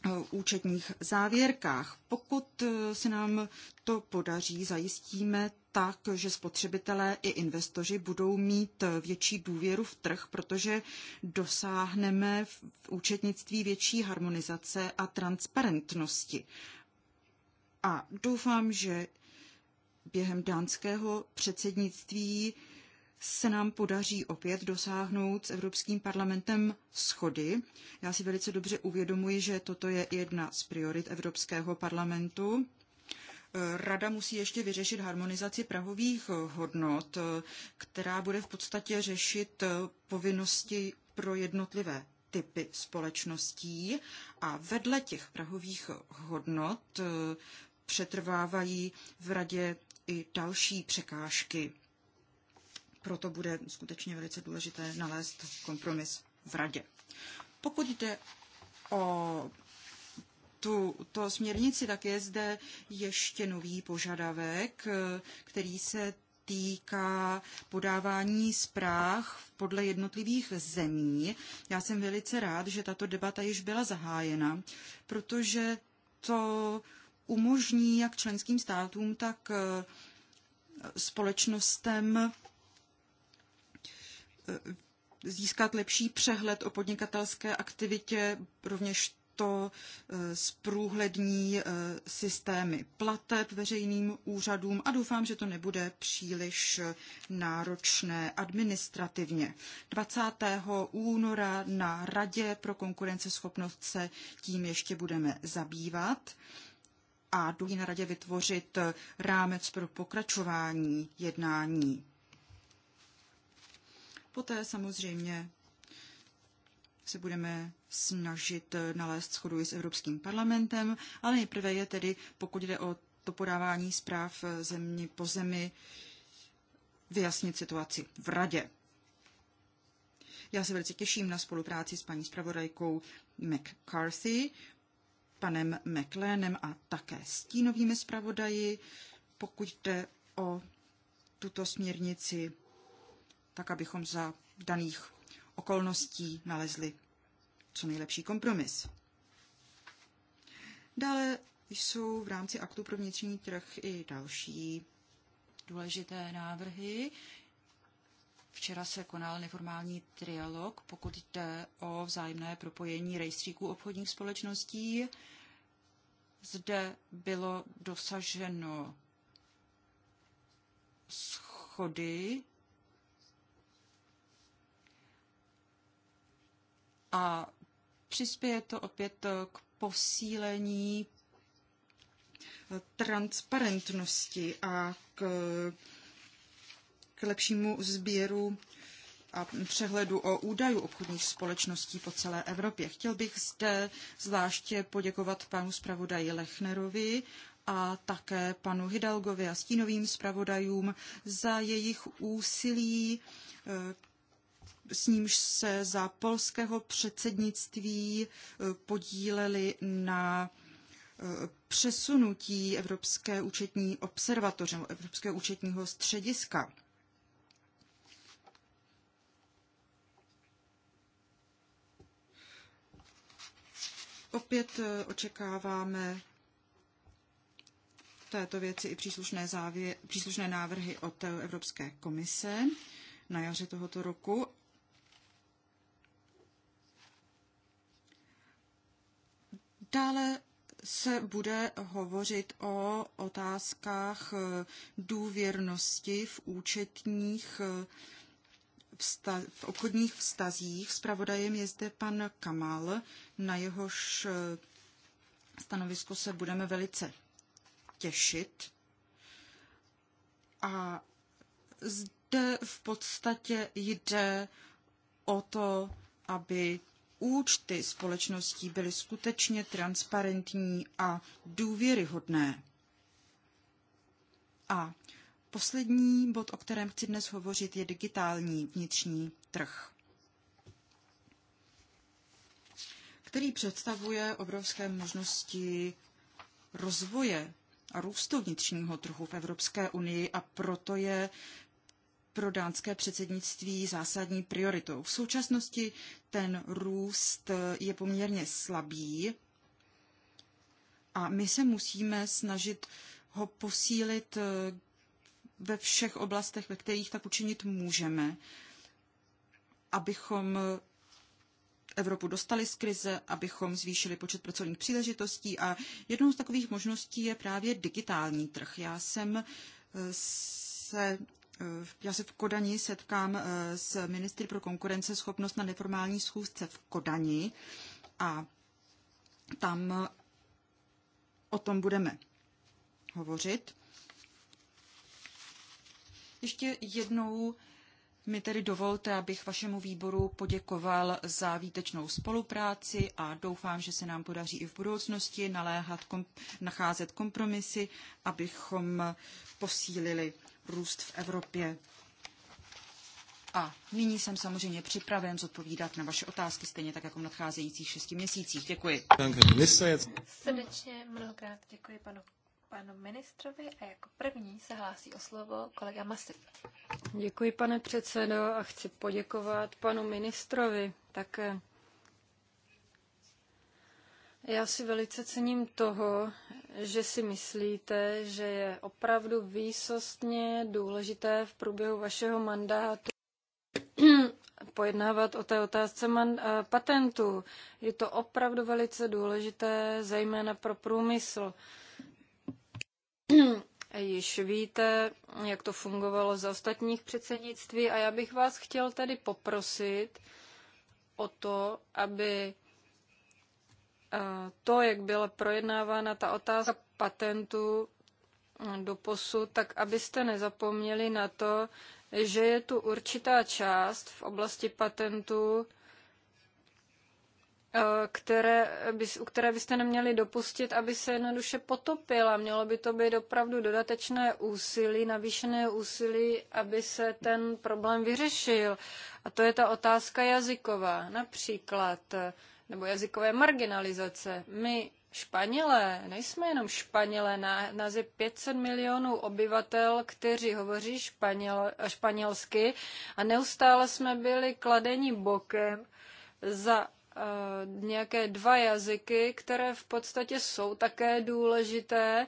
Eh, účetních závěrkách. Pokud eh, se nám to podaří, zajistíme tak, že spotřebitelé i investoři budou mít eh, větší důvěru v trh, protože dosáhneme v účetnictví větší harmonizace a transparentnosti. A doufám, že během dánského předsednictví se nám podaří opět dosáhnout s Evropským parlamentem schody. Já si velice dobře uvědomuji, že toto je jedna z priorit Evropského parlamentu. Rada musí ještě vyřešit harmonizaci prahových hodnot, která bude v podstatě řešit povinnosti pro jednotlivé typy společností a vedle těch prahových hodnot přetrvávají v radě i další překážky proto bude skutečně velice důležité nalézt kompromis v radě. Pokud jde o tu, to směrnici, tak je zde ještě nový požadavek, který se týká podávání zpráv podle jednotlivých zemí. Já jsem velice rád, že tato debata již byla zahájena, protože to umožní jak členským státům, tak eh, společnostem Eh, získat lepší přehled o podnikatelské aktivitě, rovněž to eh, zprůhlední eh, systémy plateb veřejným úřadům a doufám, že to nebude příliš náročné administrativně. 20. února na Radě pro konkurenceschopnost se tím ještě budeme zabývat a důleží na radě vytvořit rámec pro pokračování jednání Poté samozřejmě se budeme snažit nalézt schodu i s Evropským parlamentem, ale nejprve je tedy, pokud jde o to podávání zpráv zemi po zemi, vyjasnit situaci v radě. Já se velice těším na spolupráci s paní zpravodajkou McCarthy, panem McLeanem a také stínovými zpravodaji, pokud jde o tuto směrnici tak abychom za daných okolností nalezli co nejlepší kompromis. Dále jsou v rámci aktu pro vnitřní trh i další důležité návrhy. Včera se konal neformální trialog, pokud jde o vzájemné propojení rejstříků obchodních společností. Zde bylo dosaženo schody a přispěje to opět k posílení transparentnosti a k, k lepšímu sběru a přehledu o údajů obchodních společností po celé Evropě. Chtěl bych zde zvláště poděkovat panu zpravodaji Lechnerovi a také panu Hidalgovi a stínovým zpravodajům za jejich úsilí eh, s nímž se za polského předsednictví eh, podíleli na eh, přesunutí Evropské účetní observatoře nebo Evropského účetního střediska. Opět eh, očekáváme této věci i příslušné, závě, příslušné návrhy od Evropské komise na jaře tohoto roku Dále se bude hovořit o otázkách eh, důvěrnosti v účetních eh, v obchodních vztazích. Spravodajem je zde pan Kamal, na jehož eh, stanovisko se budeme velice těšit. A zde v podstatě jde o to, aby účty společností byly skutečně transparentní a důvěryhodné. A poslední bod, o kterém chci dnes hovořit, je digitální vnitřní trh, který představuje obrovské možnosti rozvoje a růstu vnitřního trhu v Evropské unii a proto je pro dánské předsednictví zásadní prioritou. V současnosti ten růst eh, je poměrně slabý a my se musíme snažit ho posílit eh, ve všech oblastech, ve kterých tak učinit můžeme, abychom eh, Evropu dostali z krize, abychom zvýšili počet pracovních příležitostí a jednou z takových možností je právě digitální trh. Já jsem se Eh, já se v Kodani setkám eh, s ministry pro konkurenceschopnost na neformální schůzce v Kodani a tam eh, o tom budeme hovořit. Ještě jednou mi tedy dovolte, abych vašemu výboru poděkoval za výtečnou spolupráci a doufám, že se nám podaří i v budoucnosti naléhat, kom, nacházet kompromisy, abychom posílili růst v Evropě. A nyní jsem samozřejmě připraven zodpovídat na vaše otázky, stejně tak jako v nadcházejících šesti měsících. Děkuji. Srdečně mnohokrát děkuji panu, panu ministrovi a jako první se hlásí o slovo kolega Masip. Děkuji, pane předsedo, a chci poděkovat panu ministrovi také. Já si velice cením toho, že si myslíte, že je opravdu výsostně důležité v průběhu vašeho mandátu pojednávat o té otázce man, eh, patentů. Je to opravdu velice důležité, zejména pro průmysl. Již víte, jak to fungovalo za ostatních předsednictví a já bych vás chtěl tedy poprosit o to, aby to, jak byla projednávána ta otázka patentu mm, do posud, tak abyste nezapomněli na to, že je tu určitá část v oblasti patentu, e, které, u které byste neměli dopustit, aby se jednoduše potopila. Mělo by to být opravdu dodatečné úsilí, navýšené úsilí, aby se ten problém vyřešil. A to je ta otázka jazyková. Například e, nebo jazykové marginalizace. My Španělé, nejsme jenom Španělé, nás je 500 milionů obyvatel, kteří hovoří španěl, španělsky a neustále jsme byli kladeni bokem za uh, nějaké dva jazyky, které v podstatě jsou také důležité,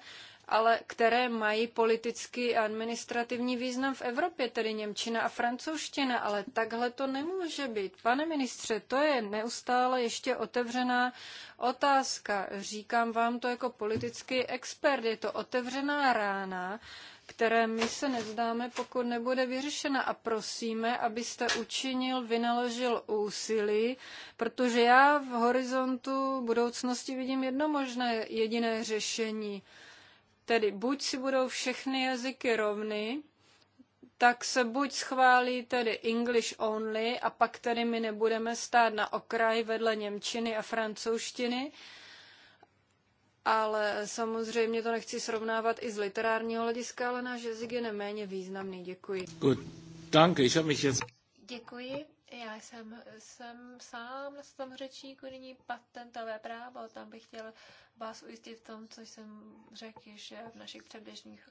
ale které mají politický a administrativní význam v Evropě, tedy Němčina a francouzština, ale takhle to nemůže být. Pane ministře, to je neustále ještě otevřená otázka. Říkám vám to jako politický expert, je to otevřená rána, které my se nevzdáme, pokud nebude vyřešena. A prosíme, abyste učinil, vynaložil úsilí, protože já v horizontu budoucnosti vidím jedno možné jediné řešení. Tedy buď si budou všechny jazyky rovny, tak se buď schválí tedy English only a pak tedy my nebudeme stát na okraji vedle Němčiny a francouzštiny, ale samozřejmě to nechci srovnávat i z literárního hlediska, ale náš jazyk je neméně významný. Děkuji. Good. Danke, ich habe mich jetzt... Děkuji. Já jsem, jsem sám na tom řečníku, nyní patentové právo, tam bych chtěl vás ujistit v tom, co jsem řekl již v našich předběžných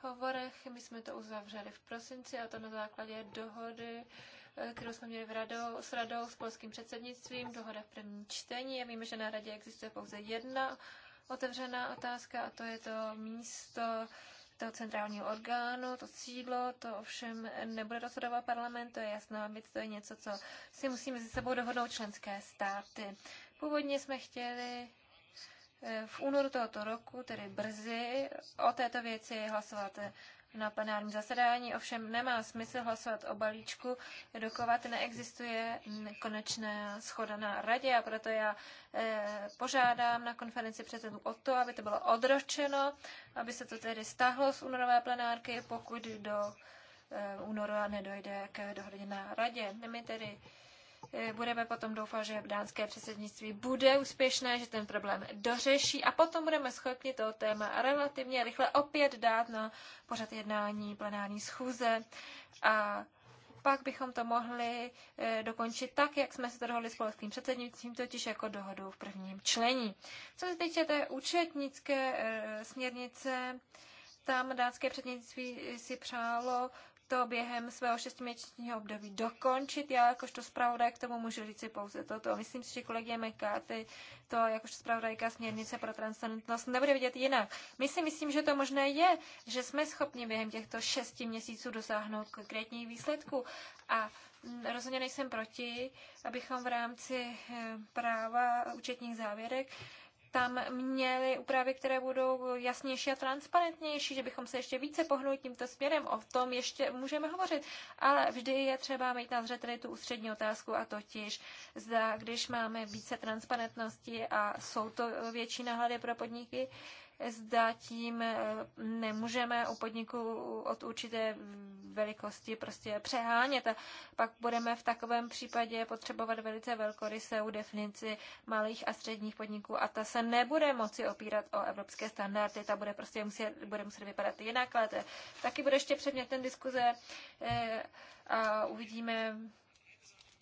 hovorech. My jsme to uzavřeli v prosinci a to na základě dohody, eh, kterou jsme měli v radou, s radou, s polským předsednictvím, dohoda v prvním čtení. Já víme, že na radě existuje pouze jedna otevřená otázka a to je to místo toho centrálního orgánu, to sídlo, to ovšem nebude rozhodovat parlament, to je jasné, my to je něco, co si musíme se sebou dohodnout členské státy. Původně jsme chtěli eh, v únoru tohoto roku, tedy brzy, o této věci hlasovat na plenárním zasedání, ovšem nemá smysl hlasovat o balíčku, dokovat neexistuje konečná schoda na radě a proto já eh, požádám na konferenci předsedů o to, aby to bylo odročeno, aby se to tedy stáhlo z únorové plenárky, pokud do eh, února nedojde k dohodě na radě. My tedy eh, Eh, budeme potom doufat, že dánské předsednictví bude úspěšné, že ten problém dořeší a potom budeme schopni to téma relativně rychle opět dát na pořad jednání plenární schůze a pak bychom to mohli eh, dokončit tak, jak jsme se to dohodli s polským předsednictvím, totiž jako dohodu v prvním člení. Co se týče té účetnické eh, směrnice, tam dánské předsednictví si přálo to během svého šestiměsíčního období dokončit. Já jakožto zpravodaj k tomu můžu říci pouze toto. Myslím si, že kolegie McCarthy to jakožto zpravodajka směrnice pro transparentnost nebude vidět jinak. My si myslím, že to možné je, že jsme schopni během těchto šesti měsíců dosáhnout konkrétních výsledků. A rozhodně nejsem proti, abychom v rámci eh, práva účetních závěrek tam měli úpravy, které budou jasnější a transparentnější, že bychom se ještě více pohnuli tímto směrem. O tom ještě můžeme hovořit, ale vždy je třeba mít na zřeteli tu ústřední otázku a totiž, zda když máme více transparentnosti a jsou to větší náhledy pro podniky, zda tím eh, nemůžeme u podniku od určité velikosti prostě přehánět. A pak budeme v takovém případě potřebovat velice velkoryse u definici malých a středních podniků a ta se nebude moci opírat o evropské standardy, ta bude prostě muset, bude muset vypadat jinak, ale to taky bude ještě předmětem diskuze eh, a uvidíme,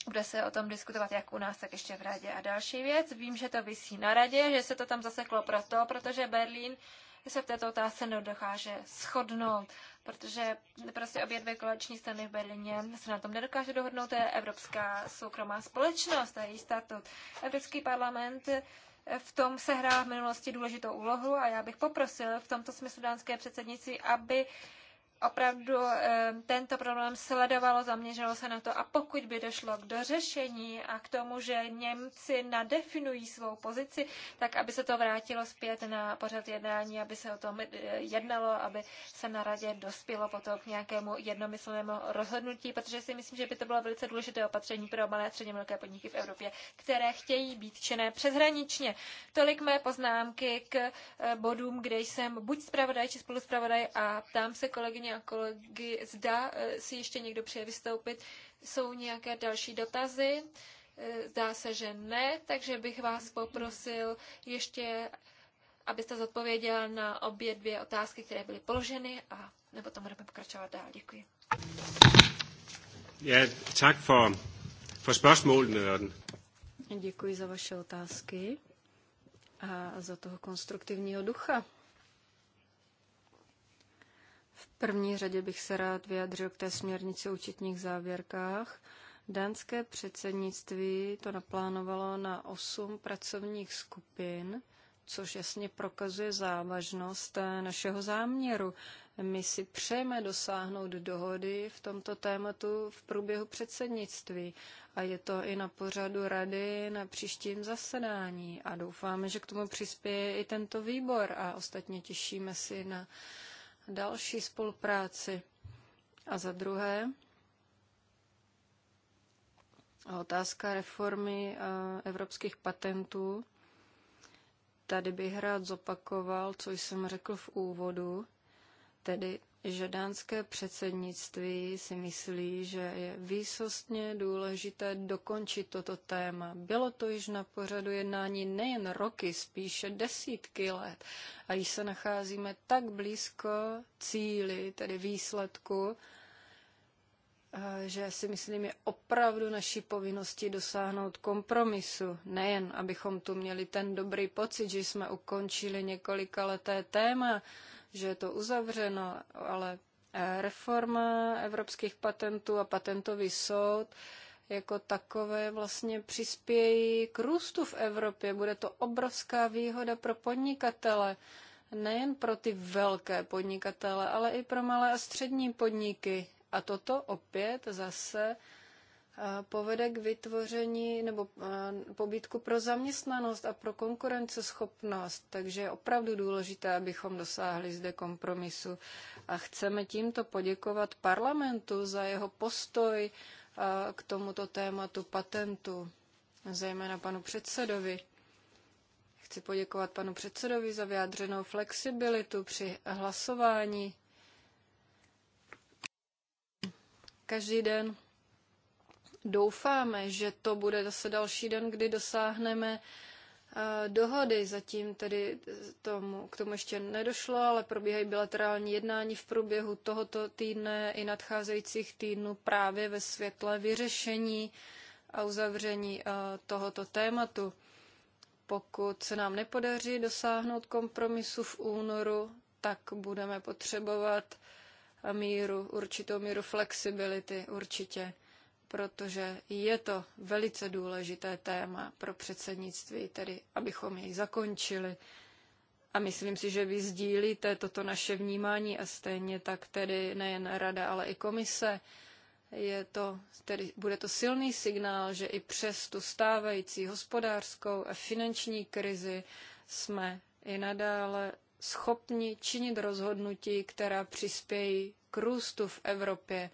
bude se o tom diskutovat jak u nás, tak ještě v radě. A další věc, vím, že to vysí na radě, že se to tam zaseklo proto, protože Berlín se v této otázce nedokáže shodnout, protože prostě obě dvě koleční strany v Berlíně se na tom nedokáže dohodnout. To je Evropská soukromá společnost a její statut. Evropský parlament v tom se hrál v minulosti důležitou úlohu a já bych poprosil v tomto smyslu dánské předsednici, aby opravdu eh, tento problém sledovalo, zaměřilo se na to a pokud by došlo k dořešení a k tomu, že Němci nadefinují svou pozici, tak aby se to vrátilo zpět na pořad jednání, aby se o tom eh, jednalo, aby se na radě dospělo potom k nějakému jednomyslnému rozhodnutí, protože si myslím, že by to bylo velice důležité opatření pro malé a středně velké podniky v Evropě, které chtějí být činné přeshraničně. Tolik mé poznámky k eh, bodům, kde jsem buď zpravodaj či spoluzpravodaj a tam se kolegyně kolegyně a kolegy, zda eh, si ještě někdo přeje vystoupit. Jsou nějaké další dotazy? Eh, zdá se, že ne, takže bych vás poprosil ještě, abyste zodpověděla na obě dvě otázky, které byly položeny a nebo tam budeme pokračovat dál. Děkuji. Ja, tak for, for Děkuji za vaše otázky a za toho konstruktivního ducha. V první řadě bych se rád vyjadřil k té směrnici o účetních závěrkách. Dánské předsednictví to naplánovalo na osm pracovních skupin, což jasně prokazuje závažnost eh, našeho záměru. My si přejeme dosáhnout dohody v tomto tématu v průběhu předsednictví a je to i na pořadu rady na příštím zasedání a doufáme, že k tomu přispěje i tento výbor a ostatně těšíme si na další spolupráci. A za druhé, otázka reformy e, evropských patentů. Tady bych rád zopakoval, co jsem řekl v úvodu, tedy že dánské předsednictví si myslí, že je výsostně důležité dokončit toto téma. Bylo to již na pořadu jednání nejen roky, spíše desítky let. A již se nacházíme tak blízko cíli, tedy výsledku, eh, že si myslím, je opravdu naší povinností dosáhnout kompromisu. Nejen, abychom tu měli ten dobrý pocit, že jsme ukončili několika leté téma, že je to uzavřeno, ale eh, reforma evropských patentů a patentový soud jako takové vlastně přispějí k růstu v Evropě. Bude to obrovská výhoda pro podnikatele, nejen pro ty velké podnikatele, ale i pro malé a střední podniky. A toto opět zase Eh, povede k vytvoření nebo eh, pobídku pro zaměstnanost a pro konkurenceschopnost. Takže je opravdu důležité, abychom dosáhli zde kompromisu. A chceme tímto poděkovat parlamentu za jeho postoj eh, k tomuto tématu patentu, zejména panu předsedovi. Chci poděkovat panu předsedovi za vyjádřenou flexibilitu při hlasování. Každý den Doufáme, že to bude zase další den, kdy dosáhneme eh, dohody. Zatím tedy tomu, k tomu ještě nedošlo, ale probíhají bilaterální jednání v průběhu tohoto týdne i nadcházejících týdnů právě ve světle vyřešení a uzavření eh, tohoto tématu. Pokud se nám nepodaří dosáhnout kompromisu v únoru, tak budeme potřebovat míru, určitou míru flexibility určitě protože je to velice důležité téma pro předsednictví, tedy abychom jej zakončili. A myslím si, že vy sdílíte toto naše vnímání a stejně tak tedy nejen rada, ale i komise. Je to, tedy, bude to silný signál, že i přes tu stávající hospodářskou a finanční krizi jsme i nadále schopni činit rozhodnutí, která přispějí k růstu v Evropě.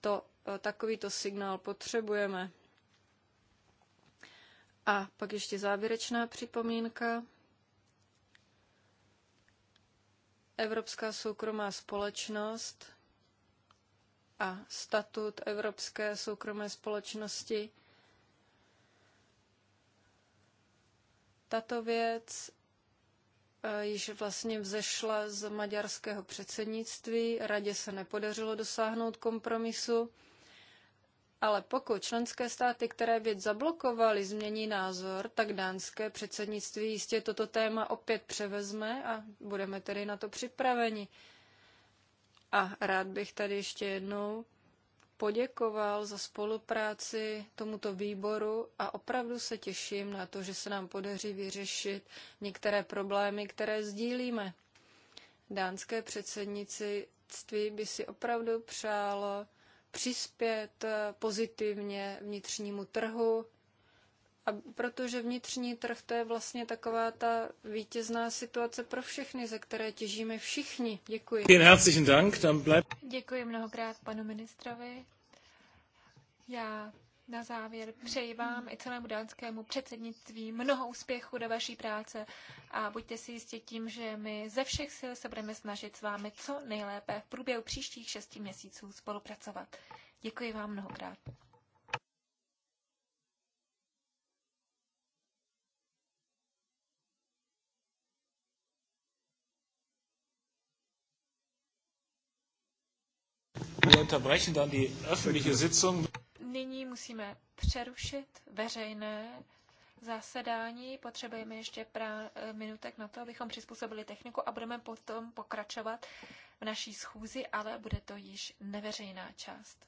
To Eh, takovýto signál potřebujeme. A pak ještě závěrečná připomínka. Evropská soukromá společnost a statut Evropské soukromé společnosti. Tato věc eh, již vlastně vzešla z maďarského předsednictví. Radě se nepodařilo dosáhnout kompromisu. Ale pokud členské státy, které věc zablokovaly, změní názor, tak dánské předsednictví jistě toto téma opět převezme a budeme tedy na to připraveni. A rád bych tady ještě jednou poděkoval za spolupráci tomuto výboru a opravdu se těším na to, že se nám podaří vyřešit některé problémy, které sdílíme. Dánské předsednictví by si opravdu přálo přispět eh, pozitivně vnitřnímu trhu, a protože vnitřní trh to je vlastně taková ta vítězná situace pro všechny, ze které těžíme všichni. Děkuji. Děkuji mnohokrát panu ministrovi. Já na závěr přeji vám i celému dánskému předsednictví mnoho úspěchu do vaší práce a buďte si jistě tím, že my ze všech sil se budeme snažit s vámi co nejlépe v průběhu příštích šesti měsíců spolupracovat. Děkuji vám mnohokrát. Wir unterbrechen dann die öffentliche Sitzung. Nyní musíme přerušit veřejné zasedání. Potřebujeme ještě prá- eh, minutek na to, abychom přizpůsobili techniku a budeme potom pokračovat v naší schůzi, ale bude to již neveřejná část.